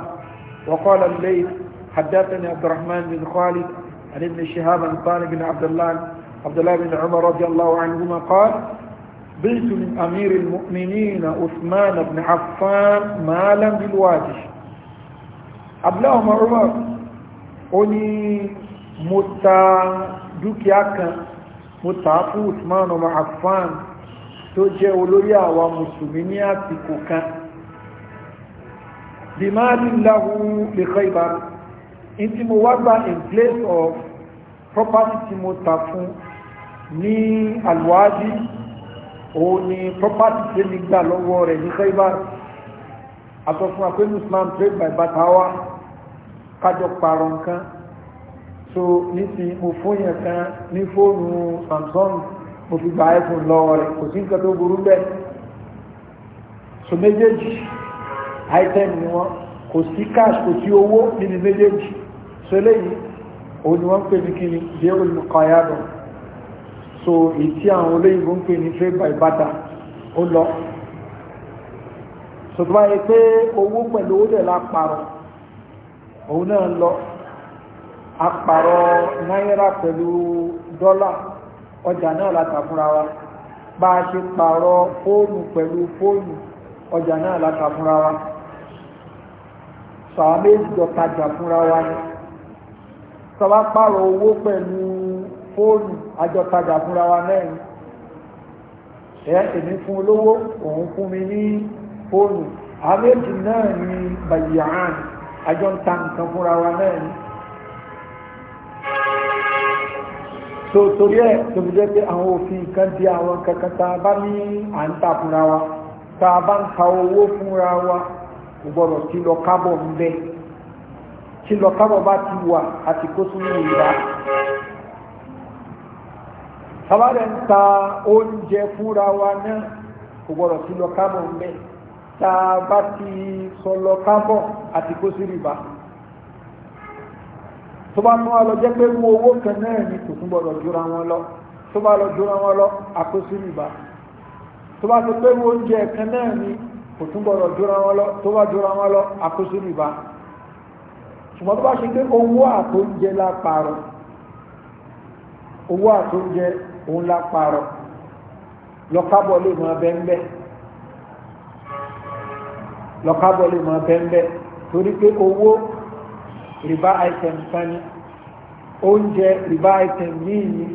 وقال الليل حدثني عبد الرحمن بن خالد عن ابن شهاب عن طالب بن عبد الله عبد الله بن عمر رضي الله عنهما قال بيت من أمير المؤمنين عثمان بن عفان مالا بالواجه أبلاهما عمر أني متى دوكياكا متعفو عثمان بن عفان tó jẹ́ olórí àwọn mùsùlùmí ní àsìkò kan bí máa ní láhú lè kọ́ ìbá in tí mo wá gba in place of property tí mo tà fún ní alwadi òun ni property tẹ́lẹ̀ gbà lọ́wọ́ rẹ̀ ní Khaybar àtọ́fún àpẹẹlú Islam trade by batawa kájọ parọ́ nǹkan so ní ti mo fún yẹn kan ní fóònù Samsung mo fi gba iPhone lọ́wọ́ rẹ̀ kò sí nǹkan tó burú bẹ́ẹ̀ so méjèèjì item ni wọ́n kò sí cash kò sí owó nínú méjèèjì so eléyìí òun ni wọ́n pè ní kíni bíẹ́rù ìmọ̀kànyádùn so ìtí àwọn olóyìnbó ń pè ní trade by barter ó lọ ṣùgbọ́n ayé pé owó pẹ̀lú owó dẹ̀ la pààrọ̀ òun náà lọ apààrọ̀ náírà pẹ̀lú dọ́là ọjà náà látà fúnra wa bá a ṣe pààrọ̀ fóònù pẹ̀lú fóònù ọjà náà látà fúnra wa sàwọn méjì jọ tajà fúnra wa ni sọ wá pààrọ̀ owó pẹ̀lú fóònù àjọtajà fúnra wa mẹ́rin ẹ èmi fún olówó òun fún mi ní fóònù náà ni bàyàn àjọ ń wa mẹ́rin torí ẹ pé àwọn òfin kan di àwọn kankan tá a bá ní à ń ta fúnra wa tá a bá ń wa kò gbọdọ̀ kí lọ kábọ̀ ń tabarẹ̀ ń ta oúnjẹ fúnra wa náà kò gbọ́dọ̀ sí lọ kábọ̀ mẹ́ tá a bá ti sọ lọ kábọ̀ àti kó sí rìbá tó bá tún wá lọ jẹ́ pé mú owó kan náà ni kò tún gbọ́dọ̀ jura wọn lọ tó bá lọ jura wọn lọ àkó sí rìbá tó bá tó pé mú oúnjẹ kan náà ni kò tún gbọ́dọ̀ jura wọn lọ tó bá jura wọn lọ àkó sí rìbá ṣùgbọ́n tó bá ṣe pé owó àtóúnjẹ la pààrọ̀ owó àtóúnjẹ òun la parọ́ lọ́kábọ̀ lè mọ bẹ́ńbẹ́ lọ́kábọ̀ lè mọ bẹ́ńbẹ́ torí pé owó rìbá item sani oúnjẹ rìbá item míì ni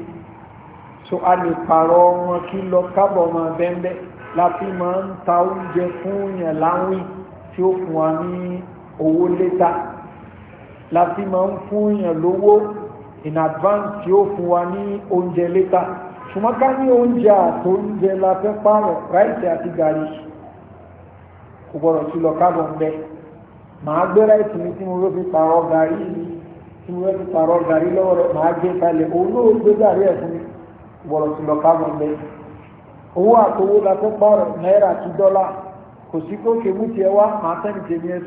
so a lè parọ́ wọn kí lọ́kábọ̀ mọ bẹ́ńbẹ́ láti máa ń ta oúnjẹ fún yàn láwìn tí ó fún wa ní owó létà láti máa ń fún yàn lówó in advance tí ó fún wa ní oúnjẹ létà ṣùgbọ́n ká ní oúnjẹ àtóúnjẹ la fẹ́ pààrọ̀ ráìsì àti gàrí kò gbọ́dọ̀ sí lọ káàbọ̀ ń bẹ màá gbé ráìsì mi tí mo fẹ́ fi pààrọ̀ gàrí mi tí mo fẹ́ fi pààrọ̀ gàrí lọ́wọ́ rẹ̀ màá gbé kalẹ̀ òun gàrí ẹ̀ fún mi kò lọ káàbọ̀ ń bẹ owó àtowó la pààrọ̀ náírà àti dọ́là kò sí kókè mú tiẹ̀ wá màá tẹ́ni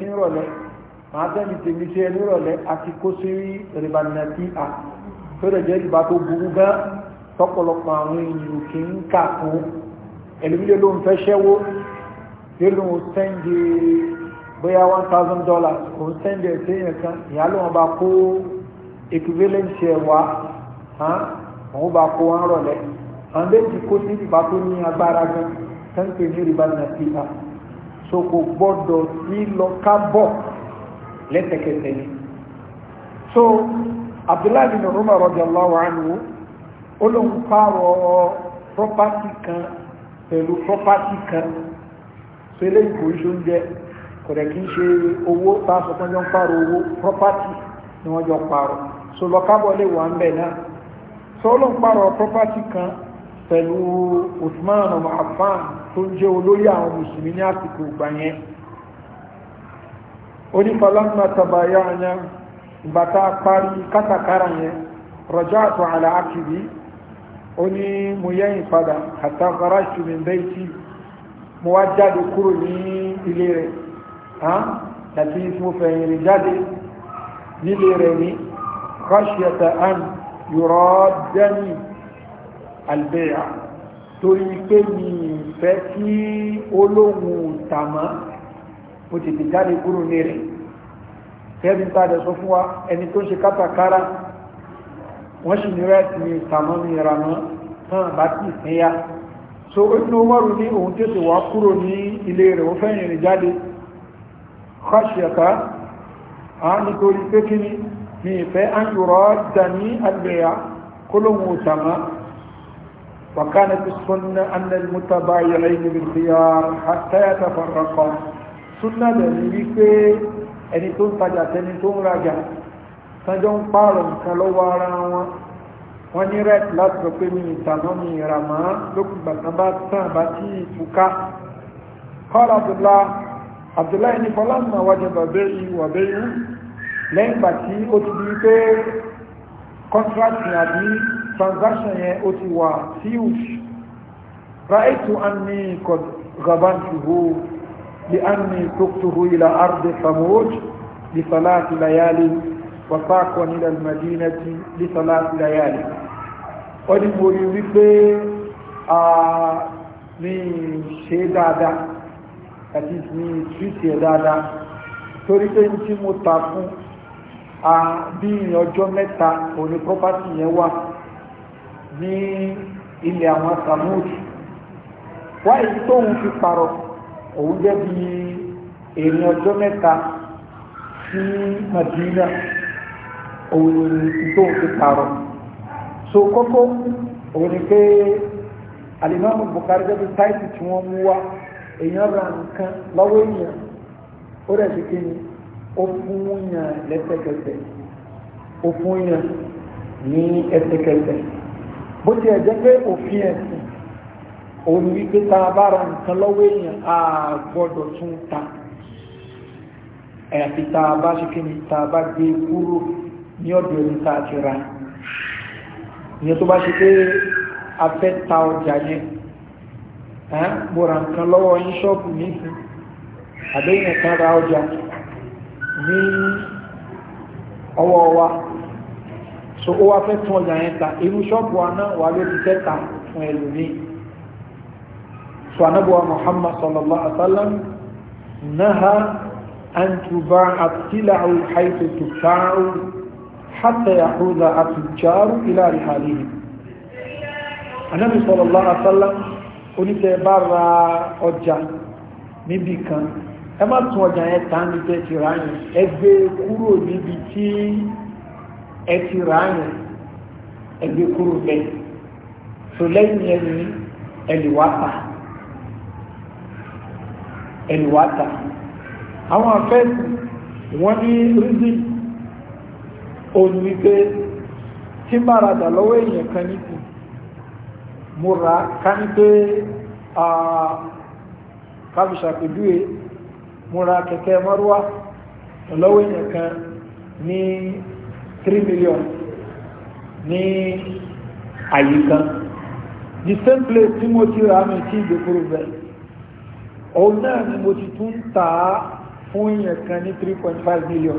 màá tẹ́lẹ̀ tèmi ṣe nírọ̀lẹ́ àti kó sí rìbànàtì à tó lè jẹ́ ìbá tó burú gan tọ́pọ̀lọpọ̀ àwọn èèyàn kì í kà fún ẹlòmílẹ̀ ló ń fẹ́ ṣẹ́wó lórí òun e bóyá one thousand dollars òun sẹ́ndì ẹ̀sẹ̀ yẹn kan ìyá ló wọn bá kó equivalent ẹ̀ wá òun bá kó wọn rọ̀lẹ́ àwọn méjì kó sí ìbá tó ní agbára gan tẹ́ńpẹ̀ ní rìbànàtì à so kò gbọ́dọ̀ sí lọ ká lẹ́sẹ̀kẹsẹ̀ ni so abdullahi bin umar radiyallahu anhu ó ló ń pààrọ̀ property kan pẹ̀lú property kan so eléyìí kò ń ṣe oúnjẹ kò dẹ̀ kí ń ṣe owó tá a sọ fún ọjọ́ ń pààrọ̀ owó property ni wọ́n jọ pààrọ̀ so lọ́kábọ̀ lè wà ń bẹ̀ náà so ó ló ń pààrọ̀ property kan pẹ̀lú usman ọmọ afan tó ń jẹ́ olórí àwọn mùsùlùmí ní àsìkò ìgbà yẹn onífọlọ́nà tàbáyá yẹn ìgbàta parí kátàkárà yẹn rọjọ́ àtọ̀ àlàákìrí ó ní mo yẹ́yìn padà àtàkárà ṣùgbọ́n bẹ́ẹ̀ tí mo wá jáde kúrò ní ilé rẹ̀ àti mo fẹ̀yìn rìn jáde nílé rẹ̀ ní kọ́ṣíẹ̀tà àn yọ̀rọ̀ dẹ́ni albẹ́yà torí pé mi fẹ́ kí olóhùn tàmá mo tètè jáde kúrò ní rẹ̀ kẹ́bí padà sọ fún wa ẹni tó ṣe kátàkárà wọ́n sì ní rẹ́ẹ̀tì ní ìsàmọ́ ní ìrànà tán bá tì sí so ó ní Umaru ní òun tètè wá kúrò ní ilé rẹ̀ ó fẹ́yìn rẹ̀ jáde kọ́ṣẹ̀ká àwọn nítorí pé kí ni mi ìfẹ́ àyùrọ̀ dání àgbẹ̀yà kólóhùn òtàmá وكانت السنة أن المتبايعين بالخيار حتى يتفرقا súnà bẹ̀rẹ̀ wípé ẹni tó ń tajà tẹni tó ń rajà sanjọ́ ń pààrọ̀ nǹkan lọ́wọ́ ara wọn wọ́n ní rẹ̀ láti sọ pé mi ìtànà mi ìràmá lókùn gbàtà bá tàn bá tí ìtúká kọ́lá abdullá abdullá ẹni fọlámà wájẹ bàbẹ́ ìwà bẹ́yìn lẹ́yìn gbà tí ó ti di pé kọ́ntrátì àbí transaction yẹn ó ti wà síwù ra ètò àmì gọ̀bántì hóòrù لأني سقته إلى أرض ثمود لثلاث ليال وساقا إلى المدينة لثلاث ليال ọdí mo rí wípé a ní ṣe dáadáa àti ní tríṣì ẹ̀ dáadáa torí pé ní tí mo ta fún a bí ìrìn ọjọ́ mẹ́ta òní pọ́pátì yẹn wà ní ilẹ̀ àwọn samuel wáyé tóun fi pàrọ̀ òun jẹ́ bí èrè ọjọ́ mẹ́ta sí Madina òun tó ń fi pààrọ̀ so kókó òun ni pé alimami Bukhari jẹ́ bí táìtì tí wọ́n mú wá èèyàn ra nǹkan lọ́wọ́ èèyàn ó rẹ̀ sí kí ni ó fún yàn lẹ́sẹ̀kẹsẹ̀ ó fún yàn ní ẹsẹ̀kẹsẹ̀ bó ti ẹ̀ jẹ́ pé òfin ẹ̀sìn òun wípé tá a bá ra nǹkan lọ́wọ́ èèyàn a gbọ́dọ̀ tún ta àyàfi tá a bá ṣe kí ni tá a bá gbé kúrò ní ọ̀dọ̀ ẹni tá a ti ra ìyẹn tó bá ṣe pé a fẹ́ ta ọjà yẹn mo ra nǹkan lọ́wọ́ yín ṣọ́ọ̀bù nísìn àbẹ́yìn kan ra ọjà ní ọwọ́ wa so ó wá fẹ́ tún ọjà yẹn ta irú ṣọ́ọ̀bù wa náà wà lórí tẹ́ta fún ẹlòmíì so anabuwa muhammad sallallahu alaihi wasallam naha an tuba atilau haitu tufau hatta yahuda atujaru ila rihalihi anabi sallallahu alaihi wasallam oníṣẹ́ bá ra ọjà níbi kan ẹ má tún ọjà yẹn tán ní tẹ́ ti ráyìn ẹ gbé kúrò níbi tí ẹ ti ráyìn ẹ gbé kúrò bẹ́ẹ̀ so lẹ́yìn ẹni ẹ lè wá pa ẹ̀lùwátà àwọn afẹ́sì wọ́n ní rízì òun wípé tí bá radà lọ́wọ́ èèyàn kan nìkú mo ra ká ní pé káfíṣàpèjúwe mo ra kẹ̀kẹ́ mọ́rúwá lọ́wọ́ èèyàn kan ní 3 million ní àyíká the same place tí mo ti ra mi tí ìgbèkúrú bẹ́ẹ̀ òun náà ni mo ti tún tà á fún èèyàn kan ní three point five million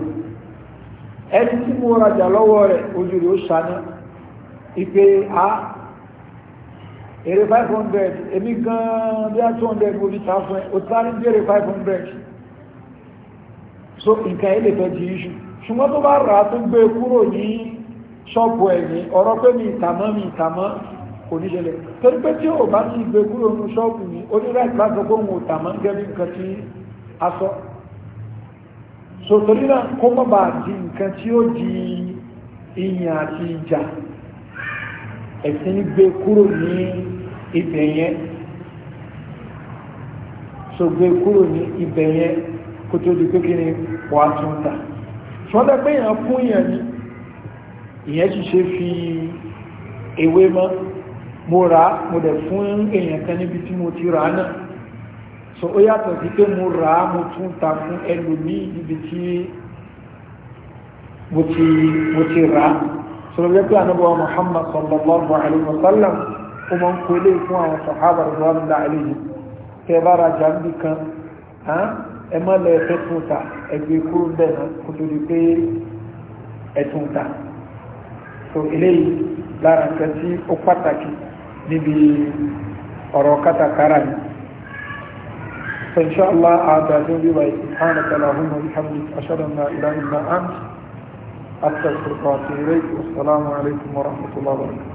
ẹni tí mo rajà lọ́wọ́ rẹ̀ ojú rẹ̀ ó ṣáná ìpè á èrè five hundred èmi gan-an bí a two hundred mo fi tà fún ẹ o sáré ń bèrè five hundred so nǹkan ẹ lè fẹ́ di iṣu ṣùgbọ́n tó bá rà á tó gbé e kúrò ní ṣọ́ọ̀bù ẹ̀ ní ọ̀rọ̀ pé mi ìtàmọ́ mi ìtàmọ́ kò ní ṣẹlẹ̀ torí pé tí ò bá ní ìgbé kúrò ní ṣọ́ọ̀bù ní oníráìtì láti ọgbọ́n òun òtà máa ń gẹ́ bí nǹkan tí a sọ so torí náà kó mọ́ bá di nǹkan tí ó di ìyìn àti ìjà ẹ̀sìn gbé kúrò ní ibẹ̀ yẹn so gbé kúrò ní ibẹ̀ yẹn kó tó di pé kí wàá tún ta ṣọ́dọ̀ pé èèyàn fún èèyàn ni ìyẹn ti ṣe fi ewé mọ́ mo rà á mo dẹ̀ fún èèyàn kan níbi tí mo ti rà náà so ó yàtọ̀ sí pé mo rà á mo tún ta fún ẹlòmíì níbi tí mo ti mo ti rà á sọlọ́bí pé anábọ̀ Muhammad sallallahu alayhi wa sallam ó máa ń kó ilé fún àwọn sàhábà rẹ̀ alayhi tẹ́ bá ra jàǹdì kan ẹ má lọ ẹ̀fẹ́ tún ta ẹgbẹ́ kúrò bẹ́ẹ̀ náà kó tó di pé ẹ̀tún ta so eléyìí lára nǹkan tí ó pàtàkì نبي ọ̀rọ̀ kátàkárà فإن شاء الله أعطى بي سبحانك اللهم وبحمدك أشهد أن لا إله إلا أنت أستغفرك وأتوب إليك والسلام عليكم ورحمة الله وبركاته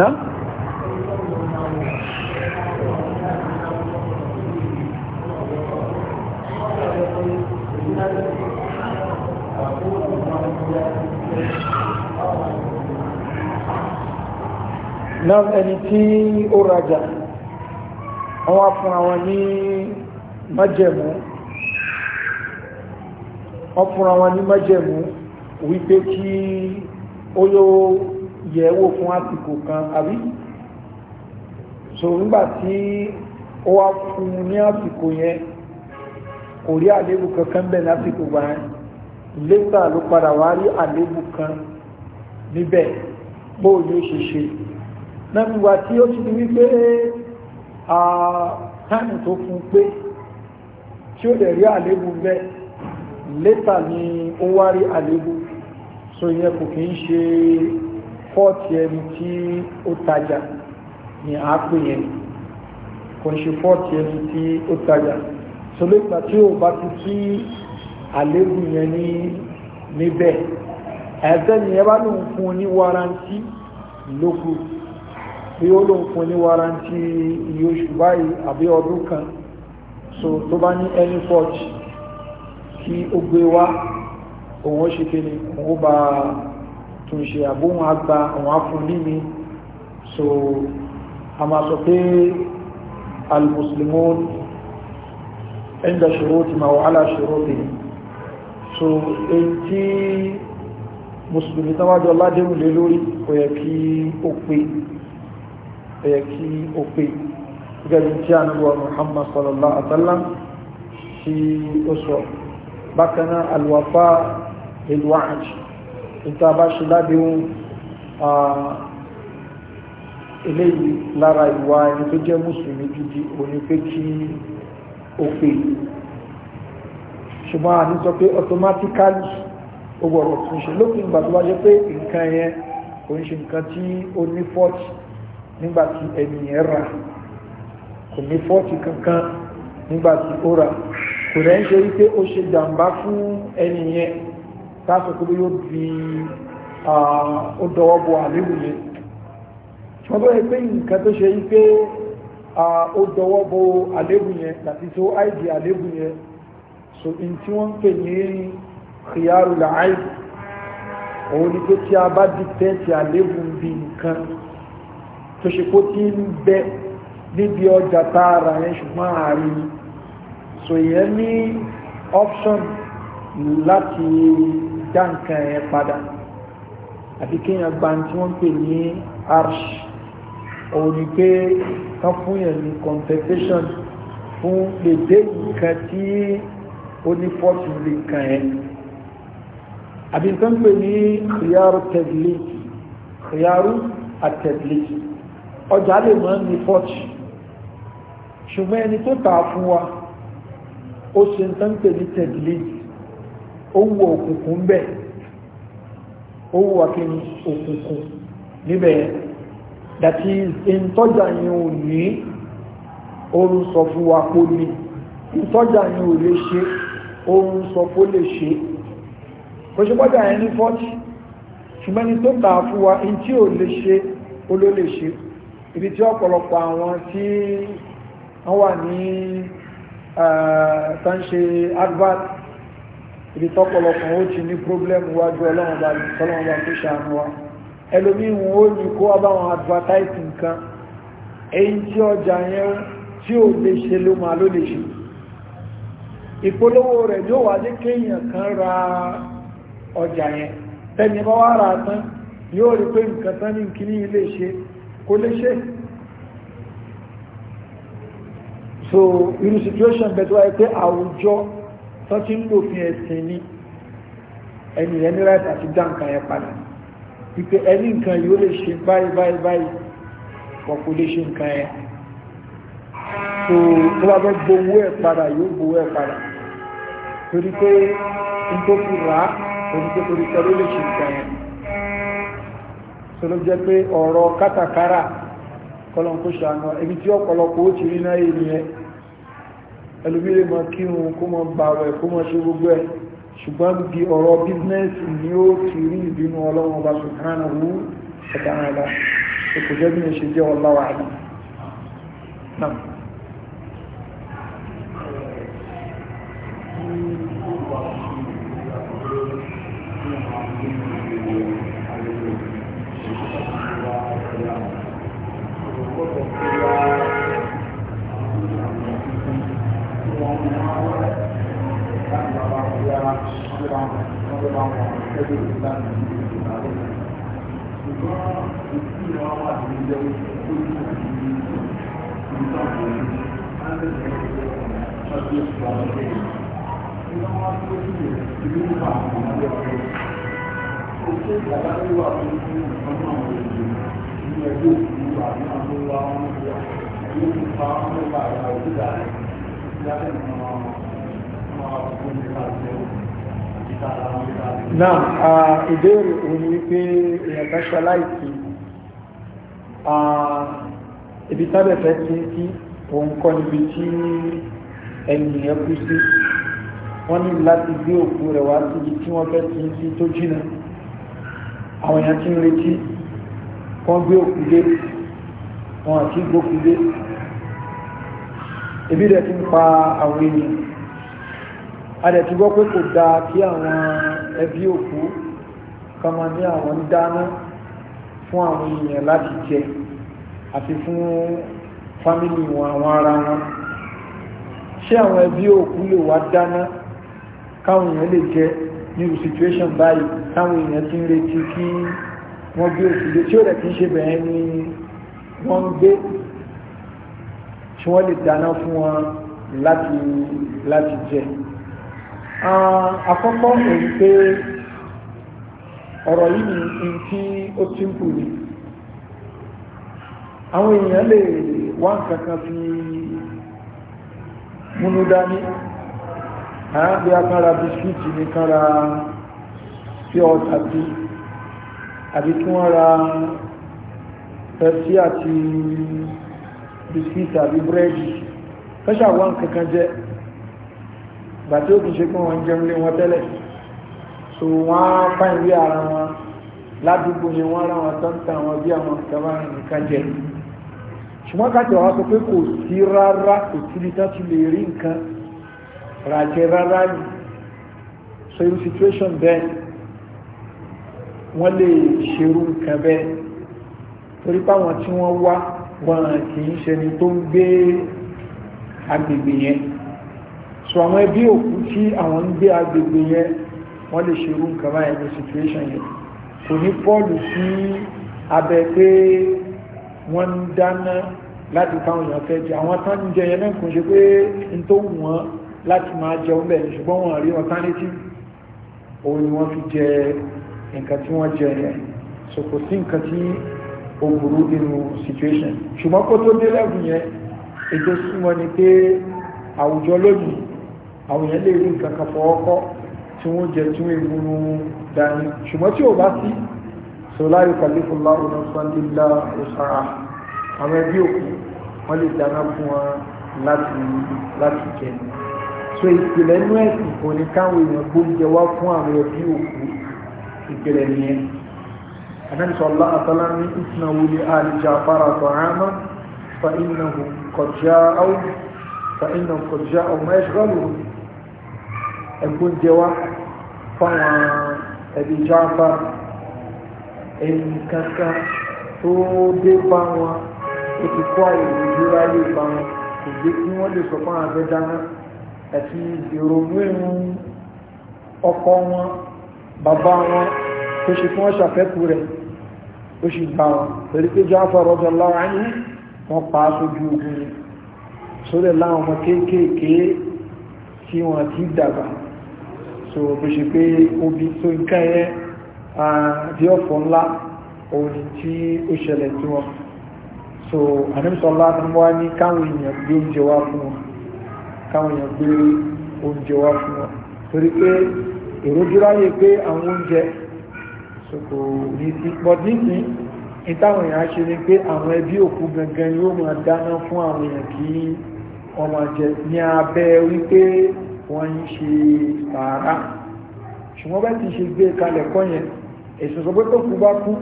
نعم نعم náà ẹni tí ó rajà wọ́n wá fún àwọn ní májẹ̀mú wọ́n fún àwọn ní májẹ̀mú wípé kí ó yóò yẹ̀wò fún àsìkò kan àbí so nígbàtí ó wá fún ní àsìkò yẹn kò rí àlébù kankan bẹ̀ lásìkò gbà lẹ́tà ló padà wá rí àlébù kan níbẹ̀ bóò ní ṣe ṣe náà mi wà tí ó ti di wípé táìmù tó fún pé tí ó dẹ̀ rí àléébù bẹ́ẹ̀ létà ni ó wá rí àléébù so ìyẹn kò kí ń ṣe fọ́ọ̀tì ẹni tí ó tajà ni a pè yẹn kò ń ṣe fọ́ọ̀tì ẹni tí ó tajà so lépa tí ó bá ti kí àléébù yẹn ní níbẹ̀ ẹ̀ẹ́dẹ́ni ẹ bá lóun fún ní wárántí lókù pé ó ló ń fún ní warranty iye oṣù báyìí àbí ọdún kan so tó bá ní any fault kí ó gbé wá òun ó ṣe kéde òun ó bá tún ṣe àbóhun àgbà òun á fún ní mi so a máa sọ pé al-muslimun inda ṣòrótì ma wà ala ṣòrótì so èyí tí musulmi tánwájọ́ ládéhùn lé lórí kò yẹ kí ó pé ẹ̀yẹ kí ó pé gẹ́gẹ́ tí a nílò Muhammad sallallahu alaihi wasallam tí ó sọ bákan náà alwafa ilwaj ìta bá ṣe lábẹ́hùn eléyìí lára ìwà ẹni tó jẹ́ mùsùlùmí gidi òní pé kí ó pé ṣùgbọ́n a ní sọ pé automatically ó gbọ́dọ̀ tún ṣe lópin ìgbà pé nǹkan yẹn kò ń ṣe nǹkan tí ó ní fọ́ọ̀tì nígbàtí ẹnìyàn rà kò ní fọ́ọ̀tì kankan nígbàtí ó rà kò rẹ̀ ń ṣe wípé ó ṣe jàǹbá fún ẹnìyàn táàsù pé yóò di ó dọwọ́ bọ àléwù yẹn wọ́n bọ́ pé nǹkan tó ṣe wípé ó dọwọ́ bọ àléwù yẹn tàbí tó àìdí àléwù yẹn so in tí wọ́n ń pè ní kìyàrù làáìdì òun ni pé tí a bá dìtẹ́ ti àléwù bí nǹkan tó ṣe kó tí ń bẹ níbi ọjà tààrà yẹn ṣùgbọ́n ààrin so ìyẹn ní option láti dá nǹkan yẹn padà àti kéèyàn gba tí wọ́n pè ní arsh òun ni pé kán fún yẹn ní compensation fún gbèdé nǹkan tí ó ní fọ́tún lè kàn yẹn àbí tán pè ní khiyaru tẹ̀lé khiyaru àtẹ̀lé ọjà lè mọ́ ní fọ́ọ̀tì ṣùgbọ́n ẹni tó tà fún wa ó ṣe ń tán pè ní ó wọ òkùnkùn bẹ́ẹ̀ ó wà kí ni òkùnkùn níbẹ̀ that is ìtọ́jà yẹn ò ní oorun sọ fún wa kó ní ìtọ́jà yẹn ò lè ṣe oorun sọ kó lè ṣe kò ṣe gbọ́dọ̀ yẹn ní fọ́ọ̀tì ṣùgbọ́n ẹni tó tà fún wa ní tí ò lè ṣe ó ló lè ṣe ibi tí ọ̀pọ̀lọpọ̀ àwọn tí wọ́n wà ní tánṣe advert ibi tọ́pọ̀lọpọ̀ ó ti ní problem wájú ọlọ́mọba tọ́lọ́mọba tó ṣàánú wa ẹlòmíì wọn ó ní kó báwọn advertise nǹkan èyí tí ọjà yẹn tí ò lè ṣe ló máa ló lè ṣe ìpolówó rẹ̀ yóò wá dé kéèyàn kan ra ọjà yẹn tẹ́ni bá wá ra tán yóò rí pé nǹkan tán ní kíní ilé ṣe kò lè ṣe so irú situation bẹ̀tọ́ wáyé pé àwùjọ tó ti ń lòfin ẹ̀sìn ni ẹni ẹni right àti dá nǹkan yẹn padà wípé ẹni nǹkan yìí ó lè ṣe báyìí báyìí báyìí wọ́n kò lè ṣe nǹkan yẹn so tó bá fẹ́ gbowó ẹ̀ padà yóò gbowó ẹ̀ padà torí pé n tó fi rà torí pé torí pé ló lè ṣe nǹkan yẹn tó ló jẹ́ pé ọ̀rọ̀ kátàkárà kọlọ̀nkó ṣàánà ibi tí ọ̀pọ̀lọpọ̀ ó ti rí náà ènìyàn ẹlòmílẹ̀ mọ̀ kí wọn kó mọ̀ bàwẹ̀ kó mọ̀ ṣe gbogbo ẹ̀ ṣùgbọ́n bí ọ̀rọ̀ bíznẹ́sì ni ó ti rí ìbínú ọlọ́run ọba subhanahu ẹgbẹ́ ìgbà ṣùgbọ́n ìdí ìwọ̀n wà ní ilé ojú àti ìgbà òní alẹ́gbẹ̀ẹ́ ọdún ìgbà òní tí wọ́n wá tó ní ìlú wà ní ilé ọdún òṣè ìgbàláwé wà fún ìgbà náà wọ̀nyí ní ẹgbẹ́ òkú wà ní àwọn ọmọ wa wọn ní ẹgbẹ́ òkú pa wọn ní wà ní àwọn òkúta rẹ̀ ní alẹ́ ìgbà wọn wọn wà fún ìgbà òní náà ìbéèrè òní wípé èèyàn kan ṣe aláìsí ibi tábẹ̀ fẹ́ tí ń kí òun kọ́ níbi tí ènìyàn kú sí wọ́n ní láti gbé òkú rẹ̀ wá síbi tí wọ́n fẹ́ tí ń kí tó jìnà àwọn èèyàn tí ń retí wọ́n gbé òkú dé wọ́n àti gbókú dé ebi rẹ̀ ti ń pa àwọn ènìyàn adẹ̀túgbọ́ pé kò dáa kí àwọn ẹbí òkú kọmọ ní àwọn dáná fún àwọn èèyàn láti jẹ àti fún fámìlì wọn àwọn ara wọn ṣé àwọn ẹbí òkú lè wá dáná káwọn èèyàn lè jẹ nírú situation báyìí táwọn èèyàn ti ń retí kí wọ́n gbé òkúlé tí ó rẹ̀ kí ń ṣe bẹ̀rẹ̀ ni wọ́n ń gbé tí wọ́n lè dáná fún wọn láti jẹ. Ah, àkọ́kọ́ èyí pé ọ̀rọ̀ yìí ni tí ó ti ń kù ní àwọn èèyàn lè wá nǹkan kan fi múnú dání àábí ah, akára bisikíìtì ní kára sí ọjà bí àbí kí wọ́n ra pẹ̀sí àti bisikíìtì àbí búrẹ́dì fẹ́ṣà wá nǹkan jẹ́ ìgbà tí ó kìí ṣe pé wọ́n jẹun lé wọn tẹ́lẹ̀ so wọ́n á fáìn rí ara wọn ládùúgbò ni wọ́n rá wọn tọ́ntà wọn bí àwọn ìjọba nìkan jẹ ṣùgbọ́n káàtì wàá sọ pé kò sí rárá kò síbi tá ti lè rí nǹkan ràjẹ rárá yìí so irú situation bẹ́ẹ̀ wọ́n lè ṣerú nǹkan bẹ́ẹ̀ torí páwọn tí wọ́n wá wọn kì í ṣe ni tó ń gbé agbègbè yẹn so àwọn ẹbí òkú tí àwọn ń gbé agbègbè yẹn wọ́n lè ṣerú nǹkan báyẹn ní situation yẹn kò ní pọ́ọ̀lù sí abẹ pé wọ́n ń dáná láti káwọn èèyàn fẹ́ jẹ àwọn tán ń jẹ yẹn náà kò ṣe pé n tó wù wọ́n láti máa jẹun bẹ́ẹ̀ ṣùgbọ́n wọn rí alternative òun ni wọ́n fi jẹ nǹkan tí wọ́n jẹ yẹn so kò sí nǹkan tí ó burú nínú situation ṣùgbọ́n kó tó dé lẹ́gùn yẹn ètò súnmọ́ ni pé àwùjọ lónìí àwọn èèyàn lè rí nǹkan kan fọwọ́kọ́ tí wọ́n jẹ tún ewu dání ṣùgbọ́n tí ò bá sí so láyé kàlífùlá onífàndínlá òsàrà àwọn ẹbí òkú wọ́n lè dáná fún wọn láti láti jẹ so ìpìlẹ̀ inú ẹ̀sìn kò ní káwọn èèyàn gbóúnjẹ wá fún àwọn ẹbí òkú ìpìlẹ̀ nìyẹn àdáni ọlá àtàlá ní ìtìnà wuli àlìjà afárá tó àmà fa ìnáwó kọjá àwọn fa lòun ẹ̀gbọ́n jẹ wá fáwọn ẹbí jáfa ẹnìkan kan tó dé bá wọn ó ti kó àyè ìdúró ayé bá wọn kò dé kí wọ́n lè sọ fún àwọn abẹ́ dáná àti ìrònú ìrún ọkọ wọn bàbá wọn tó ṣe fún wọn ṣàfẹ́kù rẹ̀ ó sì gbà wọn pẹ̀lú pé jáfa rọ́jọ́ láwọn ẹni wọ́n pa á sójú ogun ni sódẹ̀ láwọn ọmọ kéékèèké tí wọ́n ti dàgbà so bó ṣe pé obi tó ń ká ẹ àbí ọ̀fọ̀ ńlá òun ni tí ó ṣẹlẹ̀ tí wọn so ànímsọ́lá ni wọ́n ní káwọn èèyàn gbé oúnjẹ wá fún wọn káwọn èèyàn gbé oúnjẹ wá fún wọn torí pé èrò dúró ayé pé àwọn oúnjẹ so kò ní sí but nísìnyí ìtàwọn èèyàn ṣe ni pé àwọn ẹbí òkú gangan yóò máa dáná fún àwọn èèyàn kí wọ́n máa jẹ ní abẹ́ wípé wọ́n ń ṣe sàárà ṣùgbọ́n bá ti ṣe gbé kalẹ̀ kọ́ yẹn èsùn sọ pé tó kú bá kú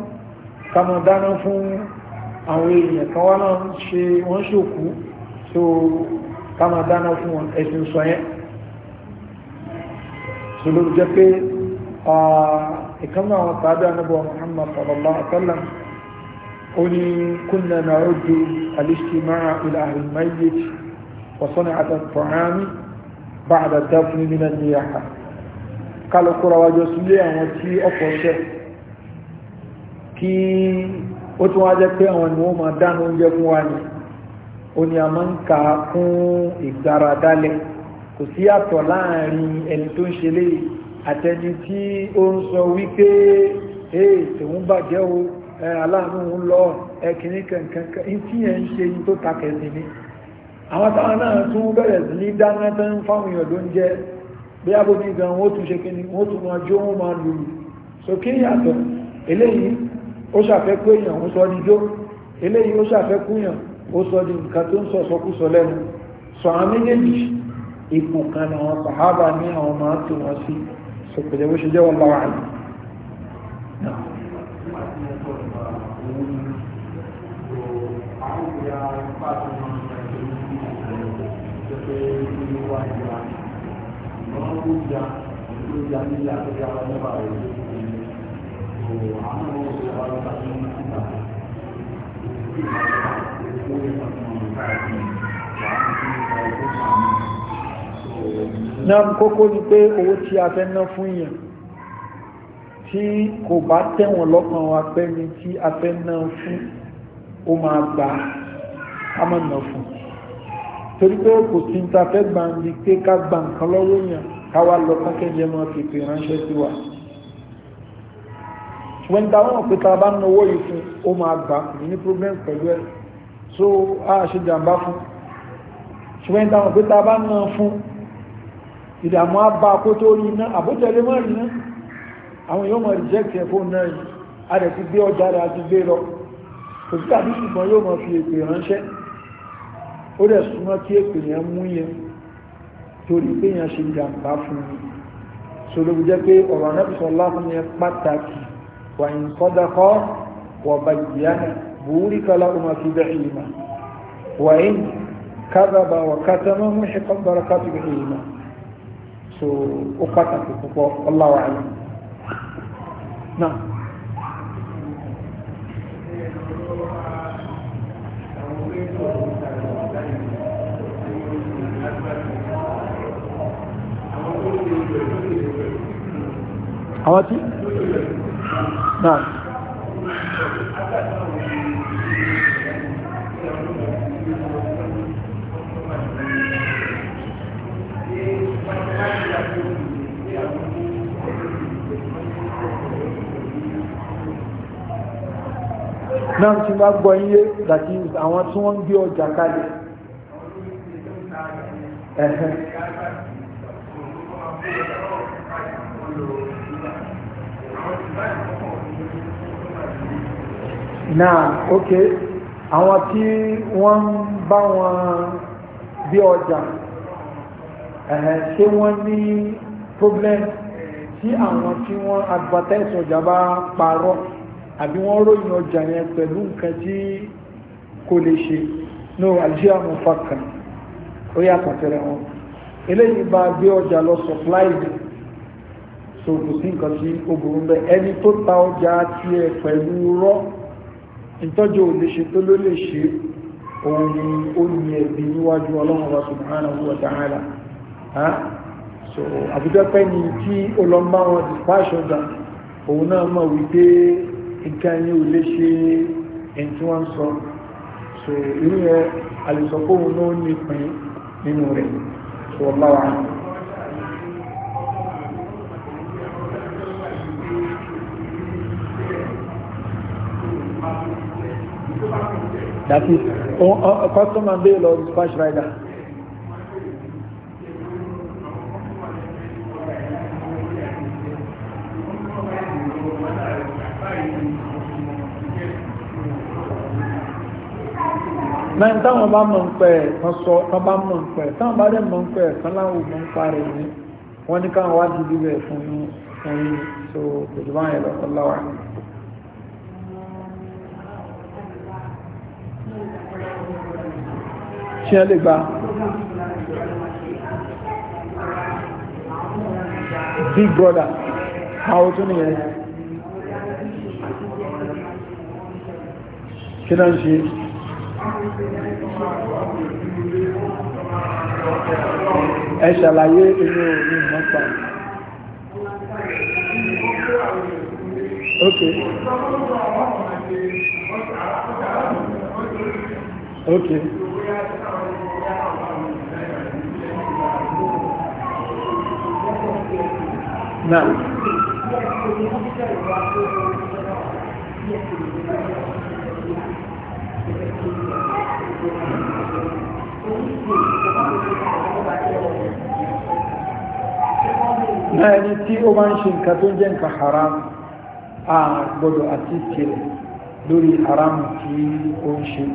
kàmọ̀ dáná fún àwọn èèyàn kan wá náà ṣe wọ́n ṣòkú so kàmọ̀ dáná fún wọn yẹn so ló jẹ́ pé ìkànnà àwọn tàbí náà ó báàdà dáfún nínú ní àhà kálukúra wájọ sílé àwọn tí ọkọ̀ ṣẹ́ kí ó tún wá jẹ́ pé àwọn ni wọ́n máa dáná oúnjẹ fún wa ni ó ní a máa ń kà á fún ìgbára dálẹ̀ kò sí àtọ̀ láàrin ẹni tó ń ṣe àtẹni tí ó ń sọ wípé ee tòun bàjẹ́ o aláàánú lọ ẹkìnrin kankan tí ẹ ń ṣe yìí tó takẹ̀ sí ni àwọn táwọn náà tún bẹ̀rẹ̀ sí ní dáná tó ń fáwọn èèyàn ló ń jẹ́ bí a bó ní gan wọ́n tún ṣe kí ni wọ́n tún máa jó wọ́n máa lùlù so kí yàtọ̀ eléyìí ó ṣàfẹ́kú èèyàn ó sọ di jó eléyìí ó ṣàfẹ́kú èèyàn ó sọ di nǹkan tó ń sọ sọkúsọ lẹ́nu sọ àwọn méjèèjì ipò kan ní àwọn sàhábà ní àwọn máa tún wọn sí so pẹ̀lẹ́ bó ṣe jẹ́ wọn lára àná Thank wá ìyá ìgbọ́n ó ya ìlú ya ní ilé àtúnyà ọlọ́pàá rẹ̀ kò àwọn ọmọ òṣèlú wa lọ́ta tó ń kí ta ó yẹ tó ń ká ẹ̀sìn wà á ti ń ka ẹ̀kọ́ náà kókó ni pé owó tí a fẹ́ ná fún yẹn tí kò bá tẹ̀wọ̀n lọ́kàn wa pẹ́ ni tí a fẹ́ ná fún ó máa gba a fún torí pé kò sí ta fẹ́ gbà ń di pé ká gbà nǹkan lọ́wọ́ yẹn ká wá lọ kákẹ́jẹ́ máa tètè ránṣẹ́ sí wa ṣùgbọ́n ta wọ́n pé ta bá ń náwó yìí fún ó máa gbà kò ní problem pẹ̀lú ẹ̀ so a ṣe jàǹbá fún ṣùgbọ́n ta wọ́n pé ta bá ń náà fún ìdààmú àbá kó tó rí iná àbójẹ́lé mọ́ rí iná àwọn yóò mọ̀ reject ẹ̀ fóun náà yìí a rẹ̀ ti gbé ọjà rẹ̀ àti gbé lọ kò sí ṣùgbọ́n yóò mọ̀ fi ètò ìránṣẹ́ ó dẹ̀ súnmọ́ kí èpè yẹn mú yẹn torí pé yẹn ṣe jàǹbá fún mi sọlọ́bù jẹ́ pé ọ̀rọ̀ anábìsọ̀ láfún yẹn pàtàkì wà ń sọ́dákọ́ wà bàjìyàn búrí kala ọmọ fi bẹ́ ìmà wà ń kábàbà wà kátàmọ́ mú ṣẹ́kọ́ bára kátù bẹ́ ìmà so ó pàtàkì púpọ̀ ọláwà yìí náà àwọn tí náà náà tí bá gbọ́ iye dàtí àwọn tí Na ok àwọn tí wọ́n ń bá wọn bí ọjà ṣé wọ́n ní problem tí àwọn tí wọ́n advertise ọjà bá parọ́ àbí wọ́n ròyìn ọjà yẹn pẹ̀lú nǹkan tí kò lè ṣe no algeria mo fa kàn ó yàtọ̀ tẹ̀lé wọn eléyìí bá gbé ọjà lọ supply mi so kò sí nǹkan tí ó burú bẹ́ẹ̀ ẹni tó ta ọjà tiẹ̀ pẹ̀lú rọ́ọ̀ ìtọ́jú ò lè ṣe tó ló lè ṣe òun ni ó ẹ̀bí níwájú ọlọ́run wa subhanahu so àbújá pẹ́ ni tí ọlọ́mbà wọn ti pàṣọjà òun náà mọ̀ wípé nǹkan ni ò lè ṣe tí wọ́n sọ so irú yẹn àlùsọ̀kọ́ náà ní pín nínú rẹ̀ so ọlọ́wà that is a customer bail or dispatch rider. náà táwọn bá mọ̀ ń pẹ́ ẹ̀ kan sọ kan bá mọ̀ ń pẹ́ ẹ̀ táwọn bá dẹ̀ mọ̀ ń pẹ́ ẹ̀ kan láwọn mọ̀ ń parẹ́ ní wọ́n ní káwọn wá dìbò ẹ̀ fún yín so kò jù báyìí lọ́kọ́ láwàá. tí wọ́n lè gba big brother àwọn tó nìyẹn kí náà ń ṣe ẹ ṣàlàyé inú orí mọ́ta ok ok náà náà ẹni tí ó máa ń ṣe nǹkan tó ń jẹ́ nǹkan haram a gbọ́dọ̀ àti ìtìlẹ̀ lórí haram tí ó ń ṣe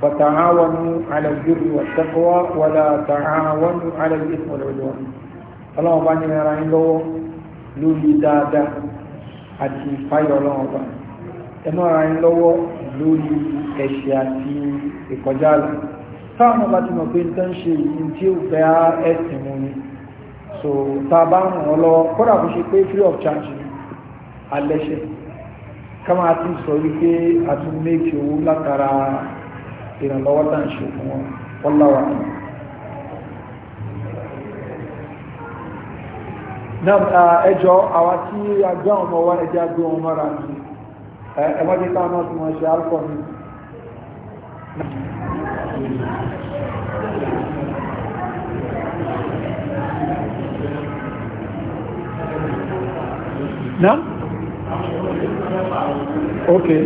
فتعاونوا على البر والتقوى ولا تعاونوا على الإثم والعدوان اللهم بني يرى lórí dáadáa àti ìfáyọ̀ ọlọ́run ọba ẹ má ra yín lọ́wọ́ lórí ẹ̀ṣẹ̀ àti ìkọjá lọ táwọn ọba ti mọ̀ pé ń tán ṣe yìí tí ó fẹ́ ẹ̀sìn mu ni so tá a bá ń ràn ọ́ lọ́wọ́ kódà kó ṣe pé free of charge ni alẹ́ṣẹ̀ ká máa ti sọ wípé a tún méjì owó látara ìrànlọ́wọ́ tá à ń ṣe fún wọn láwàá náà uh, ẹjọ́ àwa tí a ọmọ wa ẹjá gbé wọn mọ́ra ní ẹwọ́n jẹ́ náà tí wọ́n ṣe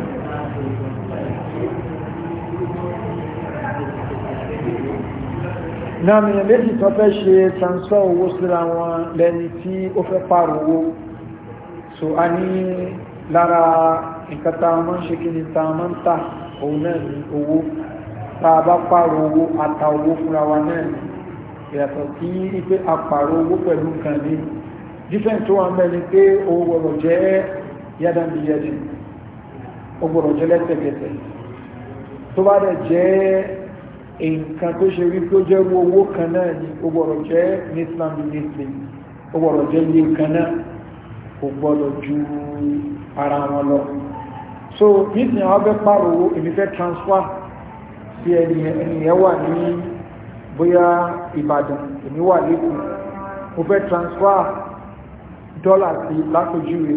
ní náà mi méjì tó fẹ́ ṣe transfer owó síra wọn lẹ́ni tí ó fẹ́ pààrọ̀ owó so a ní lára nǹkan tá a máa ń ṣe kí ni tá a máa ń tà òun náà ní owó tá a bá pààrọ̀ owó ata owó fúnra wa náà ní ìyàtọ̀ sí pé a pààrọ̀ owó pẹ̀lú nǹkan ní different tó wà ń pé owó gbọdọ̀ jẹ́ yádàbíyẹ́dì ó gbọdọ̀ jẹ́ lẹ́sẹ̀kẹsẹ̀ tó bá dẹ̀ jẹ́ nǹkan tó ṣe rí tó jẹ́rú owó kan náà ni ó gbọ́dọ̀ jẹ́ ní islam nísìn ó gbọ́dọ̀ jẹ́ iye kan náà kò gbọ́dọ̀ ju ara wọn lọ so nísìn àwọn abẹ́ pààrọ̀ owó èmi fẹ́ transfer sí ẹnìyẹn wà ní bóyá ìbàdàn èmi wà lẹ́kùn mo fẹ́ transfer dọ́là sí lápòjúwe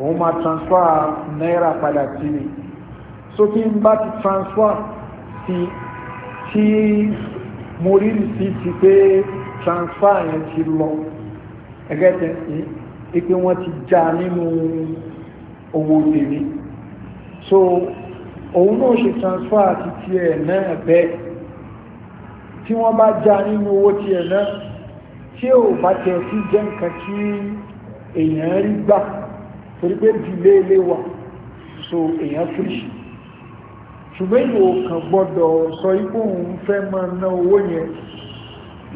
òun máa transfer náírà padà sí mi so kí n bá ti transfer sí tí mo rí sí ti pé transfer yẹn ti lọ ẹgẹ́ tẹ̀ sí pé wọ́n ti já nínú owó tèmi so òun náà ṣe transfer àti tiẹ̀ náà bẹ́ẹ̀ tí wọ́n bá já nínú owó tiẹ̀ náà tí ò bá tẹ̀ sí jẹ́ nǹkan tí èèyàn rí gbà torí pé dìlé ilé wà so èèyàn fúrìṣì ṣùgbọ́n ìlú òkàn gbọ́dọ̀ sọ ipò òun fẹ́ máa ná owó yẹn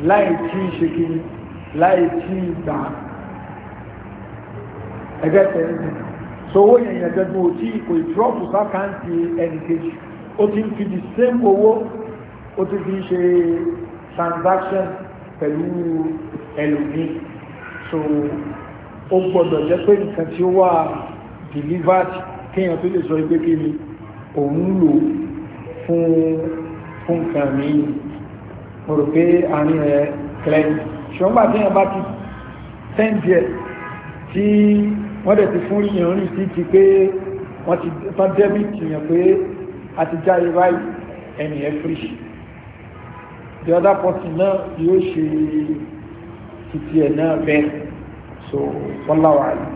láì tí ì ṣe kiri láì tí ì gbà ẹgbẹ́ tẹ̀lé so owó yẹn yẹn dẹ́gbọ́n ò tí kò ìtúrọ́pù sákàǹtì ẹnì kejì ó ti ń fi the same owó ó ti fi ṣe transaction pẹ̀lú ẹlòmíì so ó gbọ́dọ̀ jẹ́ pé nǹkan tí ó wà delivered kéèyàn tó lè sọ ẹgbẹ́ kéèyàn òun lò fún fún nǹkan míì mo rò pé àárín rẹ̀ clean ṣùgbọ́n gbà tí wọ́n bá ti sẹ́ǹdì ẹ̀ tí wọ́n dẹ̀ ti fún yìnyín rìn sí ti pé wọ́n ti tán dẹ́bìtì yàn pé a ti já irú àyè ẹni ẹ̀ fírí the other person náà yóò ṣe titi ẹ̀ náà bẹ́ẹ̀ so wọ́n láwàá yìí.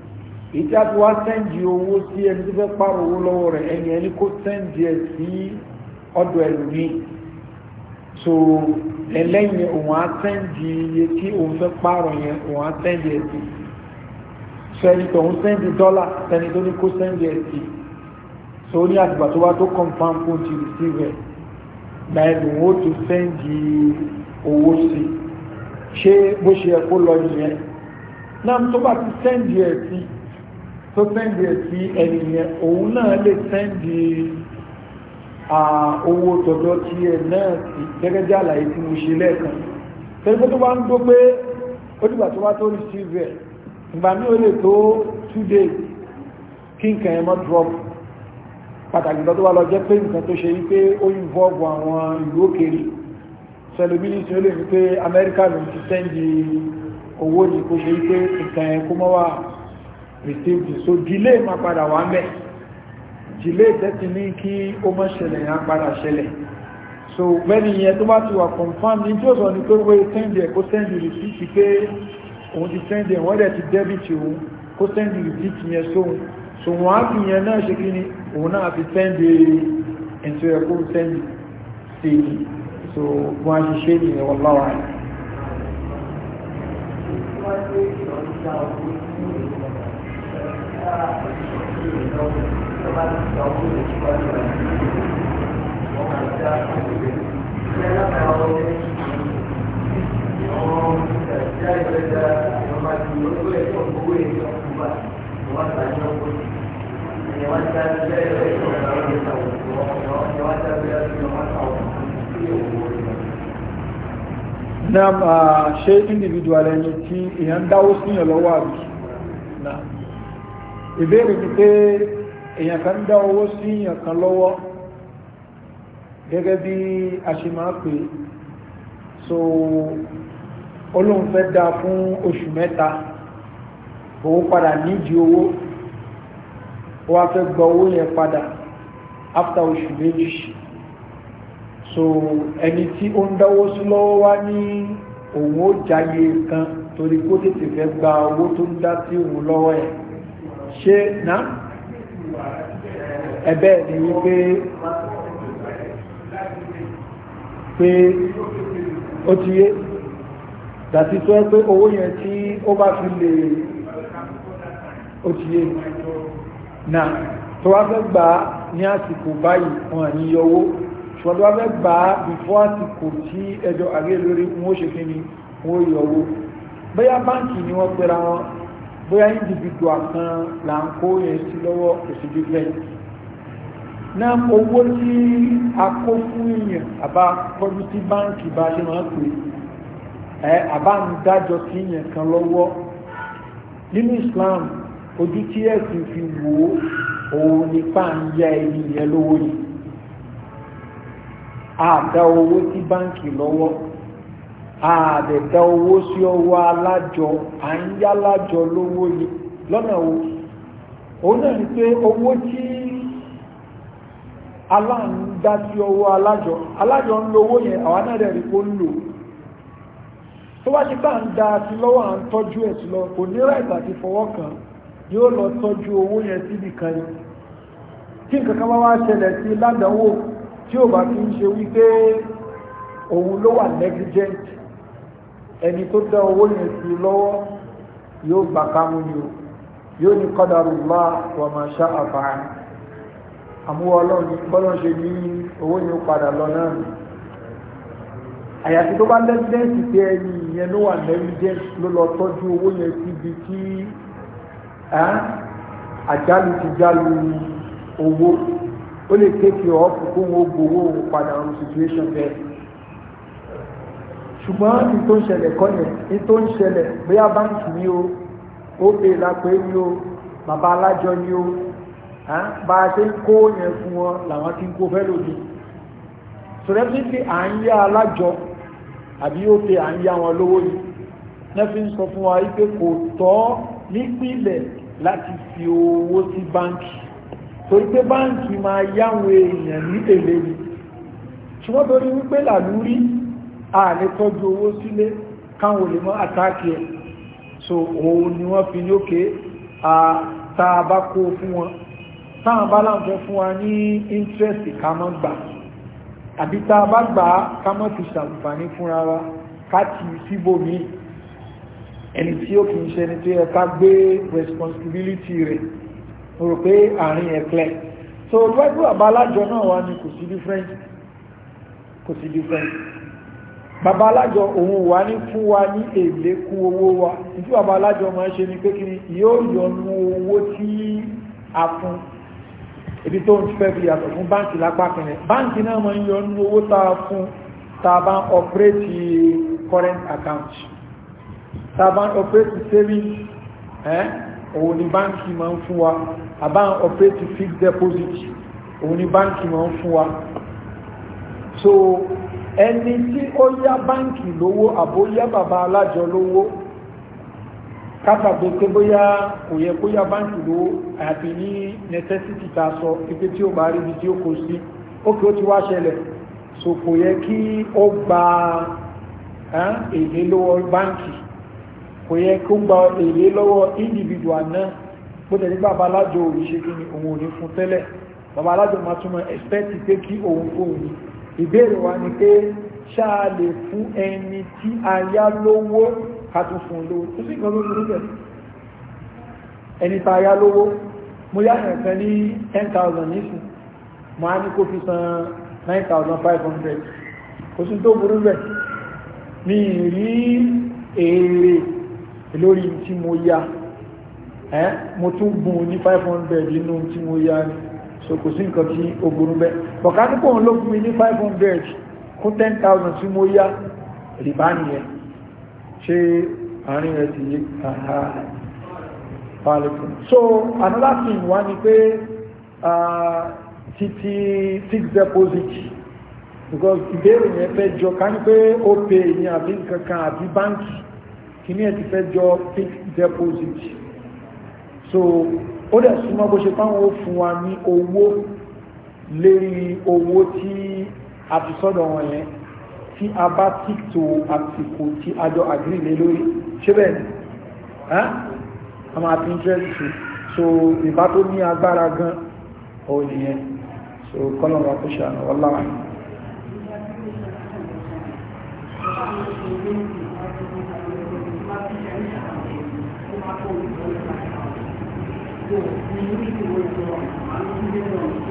ìtí a ti wá sẹ́ǹdì owó sí ẹni tó fẹ́ pààrọ̀ owó lọ́wọ́ rẹ̀ ẹni ẹni kó sẹ́ǹdì ẹ̀ sí ọ̀dọ̀ ẹlòmíì so ẹlẹ́yìn òun á sẹ́ǹdì iye tí òun fẹ́ pààrọ̀ yẹn òun á sẹ́ǹdì ẹ̀ sí so ẹni tó ń sẹ́ǹdì dọ́là ẹni tó ní kó sẹ́ǹdì ẹ̀ sí so ó ní àtìgbà tó wá tó confam fún ti receive ẹ̀ gba ẹnu ó ti sẹ́ǹdì owó sí ṣé bó ṣe ẹ kó lọ nìyẹn náà tó bá ti sẹ́ǹdì ẹ̀ sí tó sẹ́ndì ẹ̀ sí ẹnìyẹn òun náà lè sẹ́ndì owó tọ̀dọ̀ tí ẹ̀ náà sí gẹ́gẹ́ jẹ́ àlàyé tí mo ṣe lẹ́ẹ̀kan tẹ́lifẹ́ tó bá ń gbọ́ pé ó dìgbà tó bá tó receive ẹ̀ ìgbà ní ó lè tó two days kí nǹkan ẹ̀ drop pàtàkì tó wà lọ jẹ́ pé nǹkan tó ṣe yí pé ó involve àwọn ìlú òkèèrè sẹlẹ̀mínísì ó lè ní pé amẹ́ríkà ló ti sẹ́ndì owó ní kó ṣe yí pé nǹkan ẹ̀ mọ́ wà mistake so delay ma padà wà mẹ́ delay tẹ́tí ní kí ó mọ́ ṣẹlẹ̀ yẹn padà ṣẹlẹ̀ so bẹ́ni yẹn tó bá ti wà confam ní tí ó sọ ní pé wé send ẹ̀ kó send receipt pé òun ti send ẹ̀ wọ́n dẹ̀ ti debit òun kó send receipt yẹn sóhun so wọ́n á fi yẹn náà ṣe kí ni òun náà fi send ẹ̀ntì ẹ̀ kó send sí so wọ́n á ṣe ṣe nìyẹn wọ́n láwàá Nam ah, ṣe individual ẹni tí èyàn dáwó síyàn lọ́wọ́ àbí ìbéèrè ni pé èyàn kan dá owó sí èyàn kan lọ́wọ́ gẹ́gẹ́ bí a ṣe máa pè so olóhun fẹ́ dá fún oṣù mẹ́ta òun padà nídìí owó ó wá fẹ́ gba owó yẹn padà after oṣù méjì so ẹni tí ó ń dáwó sí lọ́wọ́ wá ní òun ó jáyé kan torí kó tètè fẹ́ gba owó tó ń dá sí òun lọ́wọ́ yẹn ṣe na ẹ̀bẹ̀ ni wípé pé ó ti yé dàti tó ẹ́ pé owó yẹn tí ó bá fi lè ó ti yé náà tó wá fẹ́ gbà ní àsìkò báyìí wọn àní yọwó ṣùgbọ́n tó wá fẹ́ gbà bífọ́ àsìkò tí ẹjọ́ àgé lórí wọ́n ó ṣe kí ni wọ́n yọwó bóyá báńkì ni wọ́n pera wọn bóyá individual kan là ń kó yẹn sí lọ́wọ́ òṣèlú bẹ́ẹ̀ na owó tí a kó fún èèyàn àbá kọjú sí báńkì bá ṣe máa ń pè é àbá ń dájọ sí èèyàn kan lọ́wọ́ nínú Islam ojú tí ẹ̀sìn fi wò ó òun nípa ń ya ẹni yẹn lówó yìí àdá owó sí báńkì lọ́wọ́ àdẹ̀dá owó sí ọwọ́ alájọ à lówó yìí lọ́nà wo òun náà ni pé owó tí aláàánú dá sí ọwọ́ alájọ alájọ ń owó yẹn àwa náà rí kó ń lò tó bá bá ń da sí lọ́wọ́ à ń tọ́jú ẹ̀ sí lọ kò ní yẹn síbi kan tí nǹkan kan bá wá ṣẹlẹ̀ sí tí ò bá fi ń ṣe wípé òun ló wà ẹni tó dá owó yẹn sí lọ́wọ́ yóò gbà kámú ni o yóò ní qadarullah wa ma sha'a fa'al àmúwọ́ ọlọ́run bọ́lọ́n ṣe ní owó yẹn padà lọ náà ni àyàfi tó bá lẹ́fídẹ́ǹsì pé ẹni ìyẹn ló wà lẹ́fídẹ́ǹsì ló lọ tọ́jú owó yẹn síbi tí àjálù ti jálù owó ó lè kéèkì ọ̀ọ́fù kóhun ó gbowó padà ọ̀run situation bẹ́ẹ̀ ṣùgbọ́n ní tó ń ṣẹlẹ̀ kọ́ yẹn ní tó ń ṣẹlẹ̀ bóyá báńkì ni o ó pè lápẹ́ ni o bàbá alájọ ni o bá a ṣe ń kó yẹn fún wọn làwọn ti ń kó fẹ́ lòdì sọ̀rẹ́bíntì à ń yá alájọ àbí ó pè à ń yá wọn lówó yìí lẹ́fí ń sọ fún wa wípé kò tọ́ nípìnlẹ̀ láti fi owó sí báńkì torí pé báńkì máa yáwọn èèyàn ní èlé ni ṣùgbọ́n torí wípé làlúrí a lè tọ́jú owó sílé káwọn olè àtàkì ẹ̀ so òun ni wọ́n fi lókè àtàbá kó fún wọn táwọn bá láǹfẹ́ fún wa ní interest ká mọ́ gbà àbí tá a bá gbà á ká mọ́ ti ṣàǹfààní fúnra wa ká síbòmí ẹni tí ó kì ṣe ẹni tó yẹ ká gbé responsibility rẹ̀ mo rò pé àárín ẹ̀ so gbẹ́gbẹ́ àbá alájọ náà wà ní kò sí different kò sí different bàbá alájọ òun wà ní fún wa ní èlé kún owó wa ìjú bàbá alájọ máa ṣe ni pé kí ni yóò yọnu owó tí a fún ibi tó ń fẹ́ fi yàtọ̀ fún báǹkì lápá kẹrẹ báǹkì náà máa ń yọnu owó tá a fún tá a bá ń ọpẹ́rẹ́tì current account tá a bá ń ọpẹ́rẹ́tì savings ẹ́ òun ni báǹkì máa ń fún wa a bá ń ọpẹ́rẹ́tì fixed deposit òun ni báǹkì máa ń fún wa so ẹni tí ó yá báńkì lówó àbó yá bàbá alájọ lówó kátàgbé pé bóyá kò yẹ kó yá báńkì lówó àti ní necessity ta sọ ipe tí ó bá rí ibi tí ó kó sí ó kí ó ti wá ṣẹlẹ̀ so kò yẹ kí ó gba èlé lọ́wọ́ báńkì kò yẹ kó gba èlé lọ́wọ́ individual náà bó tẹ̀lé bàbá alájọ òun ṣe kí ni òun ò ní fún tẹ́lẹ̀ bàbá alájọ máa túnmọ̀ expect pé kí òun fóun ni ìbéèrè wa ni pé ṣáà lè fún ẹni tí a yá lówó ká tún fún lówó tó sì kan lórí rẹ̀ ẹni tá a yá lówó mo yá ẹ̀kan ní 10,000 nísìn mo á ní kó fi san 9,500 kò sí tó burú bẹ̀ mi rí èrè lórí tí mo yá mo tún gùn ní 500 nínú tí mo yá ni so kò sí nǹkan tí ó burú bẹ́ẹ̀ bọ̀kátùkù òun ló fún mi ní 500 kún 10,000 tí mo yá rìbá nìyẹn ṣe àárín rẹ̀ ti àhá pàlẹ̀kù so another thing wá ni pé títí fixed deposit because ìbéèrè yẹn fẹ́ jọ ká ní pé ó pè ní àbí kankan àbí báńkì kí ní ẹ̀ ti fẹ́ jọ fixed deposit so ó dẹ̀ súnmọ́ bó ṣe fáwọn ó fún wa ní owó lérí owó tí a ti sọ́dọ̀ wọn yẹn tí a bá tí tó àsìkò tí a jọ àgbìlẹ̀ lórí ṣe bẹ́ẹ̀ ni a máa fi interest so ìbá tó ní agbára gan òun nìyẹn so kọ́lọ̀n wa kó ṣàánà wọ́n láwà Thank you.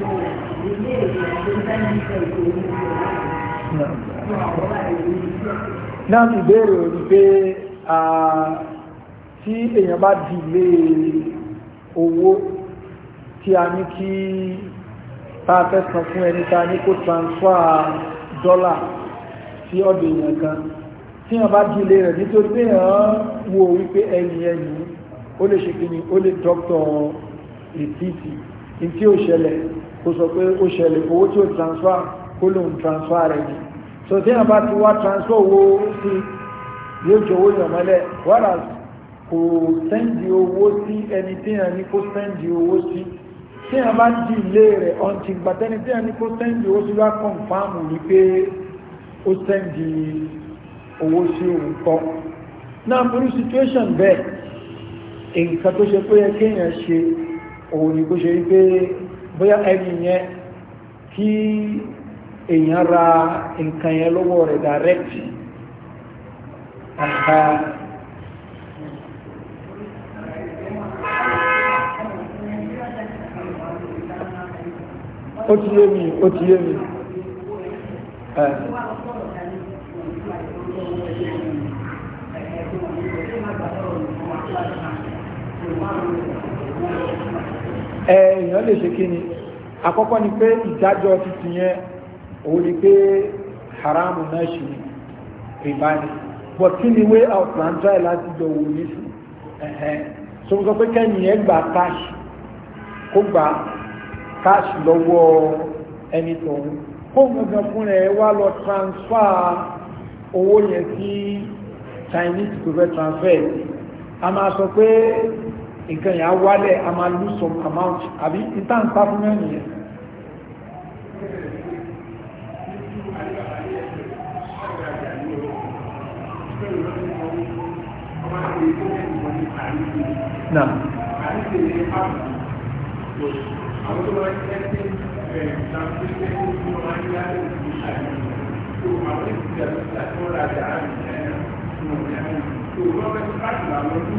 náà ti béèrè orí pé tí èèyàn bá dìlé owó tí a ní kí tààfẹ́ san fún ẹni ta ní kó transfer dọ́là sí ọ̀dọ̀ èèyàn kan tí wọ́n bá dìlé rẹ̀ nítorí pé èèyàn wo wípé ẹni ẹni o lè ṣe kí ni ó lè dọ́kítọ̀ rìpíìtì tí ó ṣẹlẹ̀ kó sọ pé ó ṣẹlẹ̀ owó tí ó transfer kó lóun transfer rẹ̀ ni so tí a bá ti wá transfer owó sí yóò jọ owó yàn mọ́lẹ̀ wàrà kò sẹ́ndì owó sí ẹni tí wọ́n ní kó sẹ́ndì owó sí tí wọ́n bá di ilé rẹ̀ ọ̀ǹtì gbàtẹ́ni tí a ní kó sẹ́ndì owó sí wá kọ̀ǹfàmù wípé ó sẹ́ndì owó sí òun kọ́ náà burú situation bẹ́ẹ̀ nǹkan tó ṣe pé ẹ kéèyàn ṣe òun ni kó ṣe wípé bóyá ẹni yẹn kí èèyàn ra nǹkan yẹn lọ́wọ́ rẹ̀ direct àgbà ó ti yé mi ó ti yé mi èèyàn lè ṣe kíni àkọ́kọ́ ni pé ìdájọ́ títí yẹn òun ni pé haramu náà ṣì ní rìbá ni but kí ni way out plan try láti jọ wò ní sí so n sọ pé kẹ́yìn yẹn gba cash kó gba cash lọ́wọ́ ẹni tọ̀hún kó gbogbo fúnra ẹ wá lọ transfer owó yẹn sí Chinese to fẹ́ transfer a máa sọ pé nǹkan yà wálẹ̀ a máa lose some amount àbí ìtàn sáfúnmẹ́ nìyẹn náà àwọn ń tẹ́tí ẹ̀ ṣàǹtí tẹ́tí tí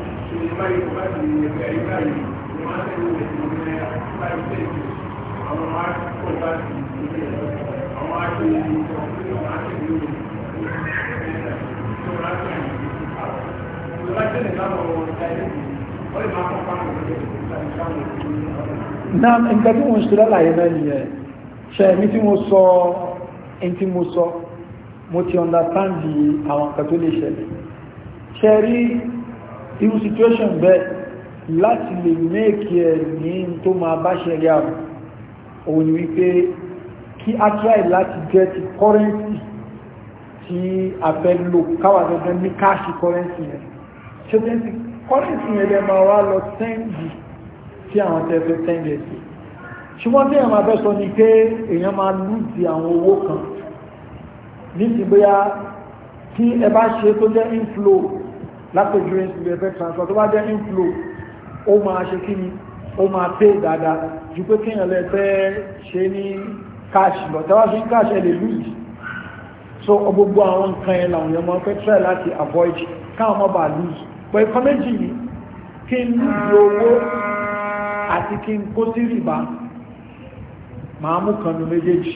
náà nǹkan tí wọ́n ṣe lálàyé náà nìyẹn ṣe ẹ̀mí tí mo sọ ẹni tí mo sọ mo ti understand àwọn nǹkan tó lè ṣẹlẹ̀ ṣe rí irú situation bẹ́ẹ̀ láti lè mẹ́ẹ̀kì ẹ̀ ní tó máa bá ṣẹlẹ̀ àrùn òun ni wípé kí a try láti get currency tí a fẹ́ lò káwà dandan ní káàṣì currency yẹn ṣe currency yẹn lẹ máa wá lọ sẹ́ndì tí àwọn tẹ́fẹ́ sẹ́ndì ẹ̀ ṣùgbọ́n tí èèyàn máa fẹ́ sọ ni pé èèyàn máa lùdì àwọn owó kan nítorí bóyá tí ẹ bá ṣe tó jẹ́ inflow lápèjú ìsìnkú ẹgbẹ́ transfer tó bá jẹ́ inflow ó máa ṣe kí ni ó máa pé dáadáa ju pé kíyàn lẹ fẹ́ ṣe ní cash lọ tẹ́wàá fi ń cash ẹ lè lose so gbogbo àwọn nǹkan ẹ̀ làwọn èèyàn máa fẹ́ try láti avoid káwọn má bàa lose pẹ̀lú kan méjì ni kí n lo owó àti kí n kó sí rìbá máa mú kan nu méjèèjì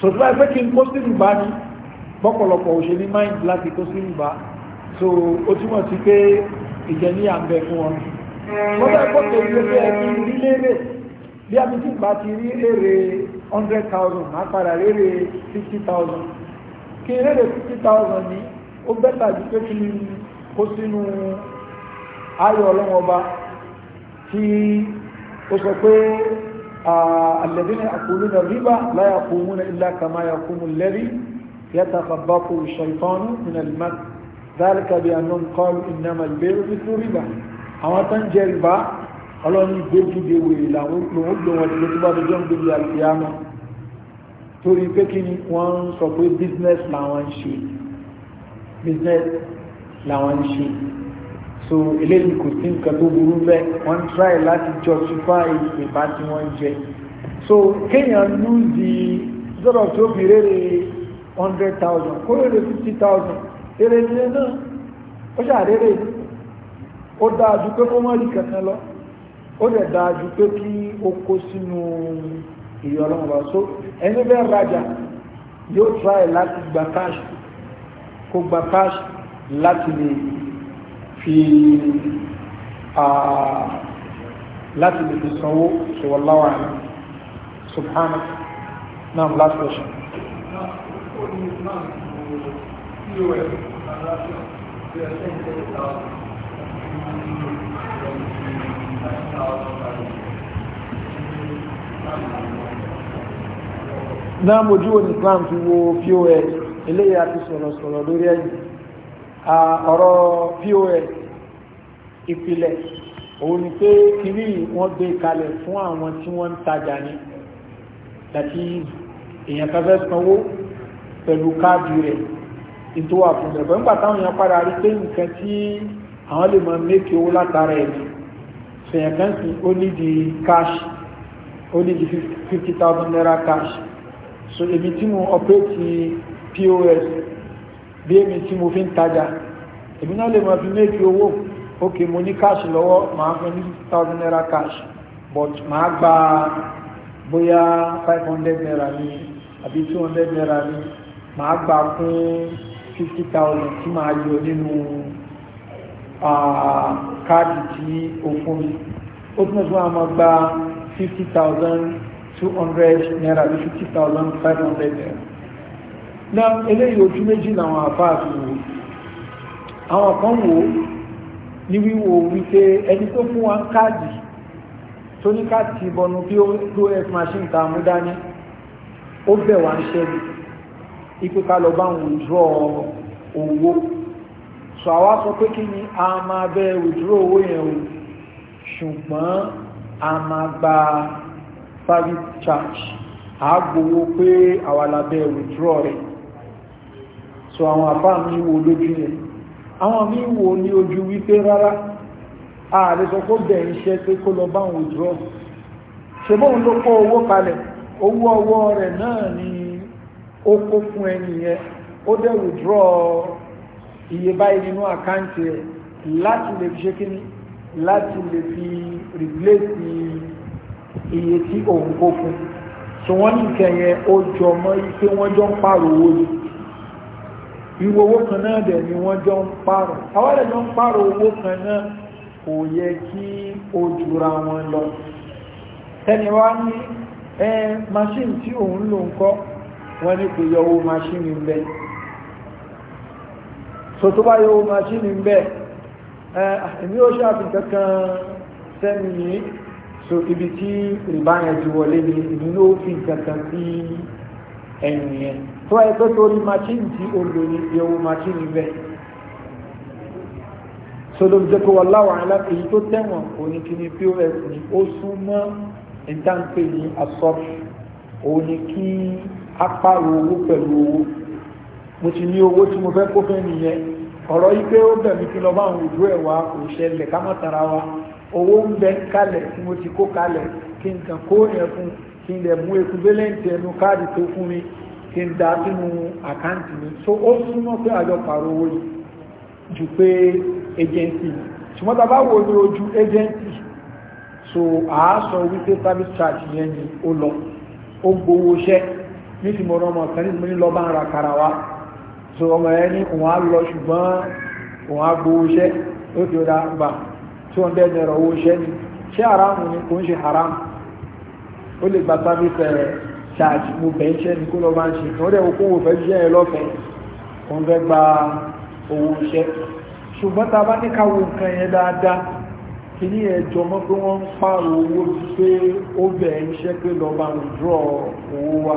sọ̀tún láì fẹ́ kí n kó sí rìbá ni bọ́pọ̀lọpọ̀ òṣèlú mind láti kó sí ìgbà so ó túmọ̀ sí pé ìjẹ́ ní àmbẹ̀ fún wọn wọ́n bá kọ́ pé kí ní kó sínú ayọ̀ ọlọ́wọ́ba tí ó sọ pé الذين يأكلون الربا لا يقومون إلا كما يقوم الذي يتخبطه الشيطان من المد ذلك بأنهم قالوا إنما البيع مثل ربا أما تنجي ربا قالوا أني بيجي بيوي لا نقول له ولكتبه بجنب القيامة torí pé kí ni wọ́n ń sọ pé business làwọn ń ṣe business làwọn ń ṣe so eléyìí kò sí nǹkan tó burú bẹ́ẹ̀ wọ́n ń try láti justify ìbá tí wọ́n jẹ so kéèyàn lose the sort of tó fi rere hundred thousand kó lè lè fifty thousand èrè nílé náà ó ṣàrèrè ó dáa ju pé kó wọ́n rí kankan lọ ó dẹ̀ dáa ju pé kí ó kó sínú ìyọ̀ ọlọ́run so ẹni bẹ́ẹ̀ rajà yóò try láti gba cash kó gba cash láti lè fi láti lè fi sanwó ṣòwò láwàá subhanahu naam last question ó ní islam ìlú pos aláṣọ bí ẹsẹ̀ ń tẹ́ ta náà mojú wo ní islam fi wo pos eléyìí a ti sọ̀rọ̀ sọ̀rọ̀ lórí ẹ̀yìn ọ̀rọ̀ pos ìpìlẹ̀ òun ni pé kiri wọ́n gbé kalẹ̀ fún àwọn tí wọ́n ń tajà ní láti èèyàn kan fẹ́ sanwó pẹ̀lú káàdì rẹ̀ ètò wà fún ẹ̀fọ́ nígbà táwọn èèyàn padà rí pé nǹkan tí àwọn lè mọ méèkì owó látara ẹ̀ ni ó ní di cash ó ní di fifty thousand naira cash so èmi tí mo ọ̀pẹ́ẹ̀tì pos bí èmi tí mo fi ń tajà èmi náà lè mọ fi méèkì owó ok mo ní cash lọ́wọ́ màá fún ní fifty thousand naira cash but màá gba bóyá five naira ni àbí two naira ni màá gbà fún fifty thousand tí màá yọ nínú káàdì tí o fún mi ó túnbọ̀ tí wọ́n máa gba fifty thousand two hundred naira bí fifty thousand five hundred naira náà eléyìí ojú méjì làwọn àbáàbí wò àwọn kan wò ó ní wíwò wípé ẹni tó fún wa káàdì tó ní káàdì ìbọnú bí ó pos machine ta mú dání ó bẹ̀ wá ń ṣẹ́bi ipé ká lọ bá ń wùdúrọ̀ owó so àwa sọ pé kí ni a máa bẹ wùdúrọ̀ owó yẹn o ṣùgbọ́n a máa gba service charge àgbowó pé àwa la bẹ rẹ̀ so àwọn àbá mi wo lójú yẹn àwọn mi wo ní ojú wípé rárá ààrẹ sọ kó bẹ̀ iṣẹ́ pé kó lọ bá ń wùdúrọ̀ ṣe bóun ló kó owó kalẹ̀ owó ọwọ́ rẹ̀ náà ni ó kó fún ẹni yẹn ó dẹ̀ withdraw iye báyìí nínú àkáǹtì rẹ̀ láti lè fi ṣe kíní láti lè fi replace iye tí òun kó fún so wọ́n ní ìkẹyẹ ó jọ mọ́ pé wọ́n jọ ń pààrọ̀ owó ni irú owó kan náà dẹ̀ ni wọ́n jọ ń pààrọ̀ àwọn ẹ̀dẹ̀ jọ ń pààrọ̀ owó kan náà kò yẹ kí ó jura wọn lọ tẹniwá ní ẹ machine tí òun lò ń kọ́ wọ́n ní kò yọ owó maṣíìnì ń bẹ́ so tó bá yọ owó maṣíìnì ń bẹ́ ẹ̀mí ó ṣàfihàn kankan sẹ́mi yìí so ibi tí rìbá yẹn ti wọlé ni èmi ló fi kankan sí ẹ̀yìn yẹn tó ẹ pé torí maṣíìnì tí ó lò ní yọ owó maṣíìnì ń bẹ́ so jẹ́ kó wà láwọn aláfi èyí tó tẹ̀wọ̀n kò kí ni pos ni ó sún mọ́ ìtànpé ní asọ́ọ̀tù òun ni apárò owó pẹ̀lú owó mo ti ní owó tí mo fẹ́ kó fẹ́ nìyẹn ọ̀rọ̀ yìí pé ó bẹ̀ mí kí lọ bá àwọn ojú ẹ̀ wá kò ṣẹlẹ̀ ká má tara wa owó ń bẹ kalẹ̀ tí mo ti kó kalẹ̀ kí n kàn kó yẹn fún kí n lè mú ekúbélẹ́ǹtì ẹnu káàdì tó fún mi kí n da sínú àkáǹtì mi so ó súnmọ́ pé àjọ pàrọ̀ owó yìí ju pé agency ṣùgbọ́n tá a bá wo ní ojú agency so àásọ wípé service charge yẹn ni ó lọ ó gbowó iṣẹ́ ní ti mọ̀rọ̀ ọmọ kan nínú ní lọ́bá ń kara wa so ọmọ ẹ ní òun á lọ ṣùgbọ́n òun á gbowó iṣẹ́ ó ti ọ̀dà gbà tí wọ́n dẹ́ nẹ̀rọ owó iṣẹ́ ni ṣé haramu ni kò ń ṣe haramu ó lè gba sábẹ́sẹ̀ ṣáàjì eh, mo bẹ̀ ń ṣẹ́ ni kó lọ́ọ́ bá ń ṣe kí wọ́n dẹ̀ kó wọ́n fẹ́ ṣiṣẹ́ ẹ lọ́fẹ̀ẹ́ òun fẹ́ gba owó iṣẹ́ ṣùgbọ́n tá bá ní ká wo nǹkan yẹn dáadáa kí ní ẹjọ́ mọ́ pé wọ́n ń pààrọ̀ owó pé ó bẹ̀ ń ṣẹ́ pé lọ́ọ́ bá ń dúró owó wa.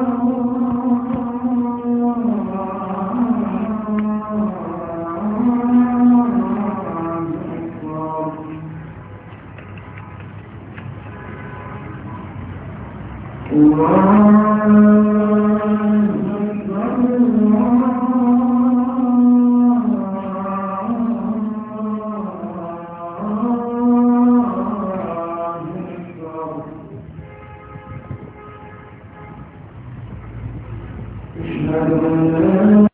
الله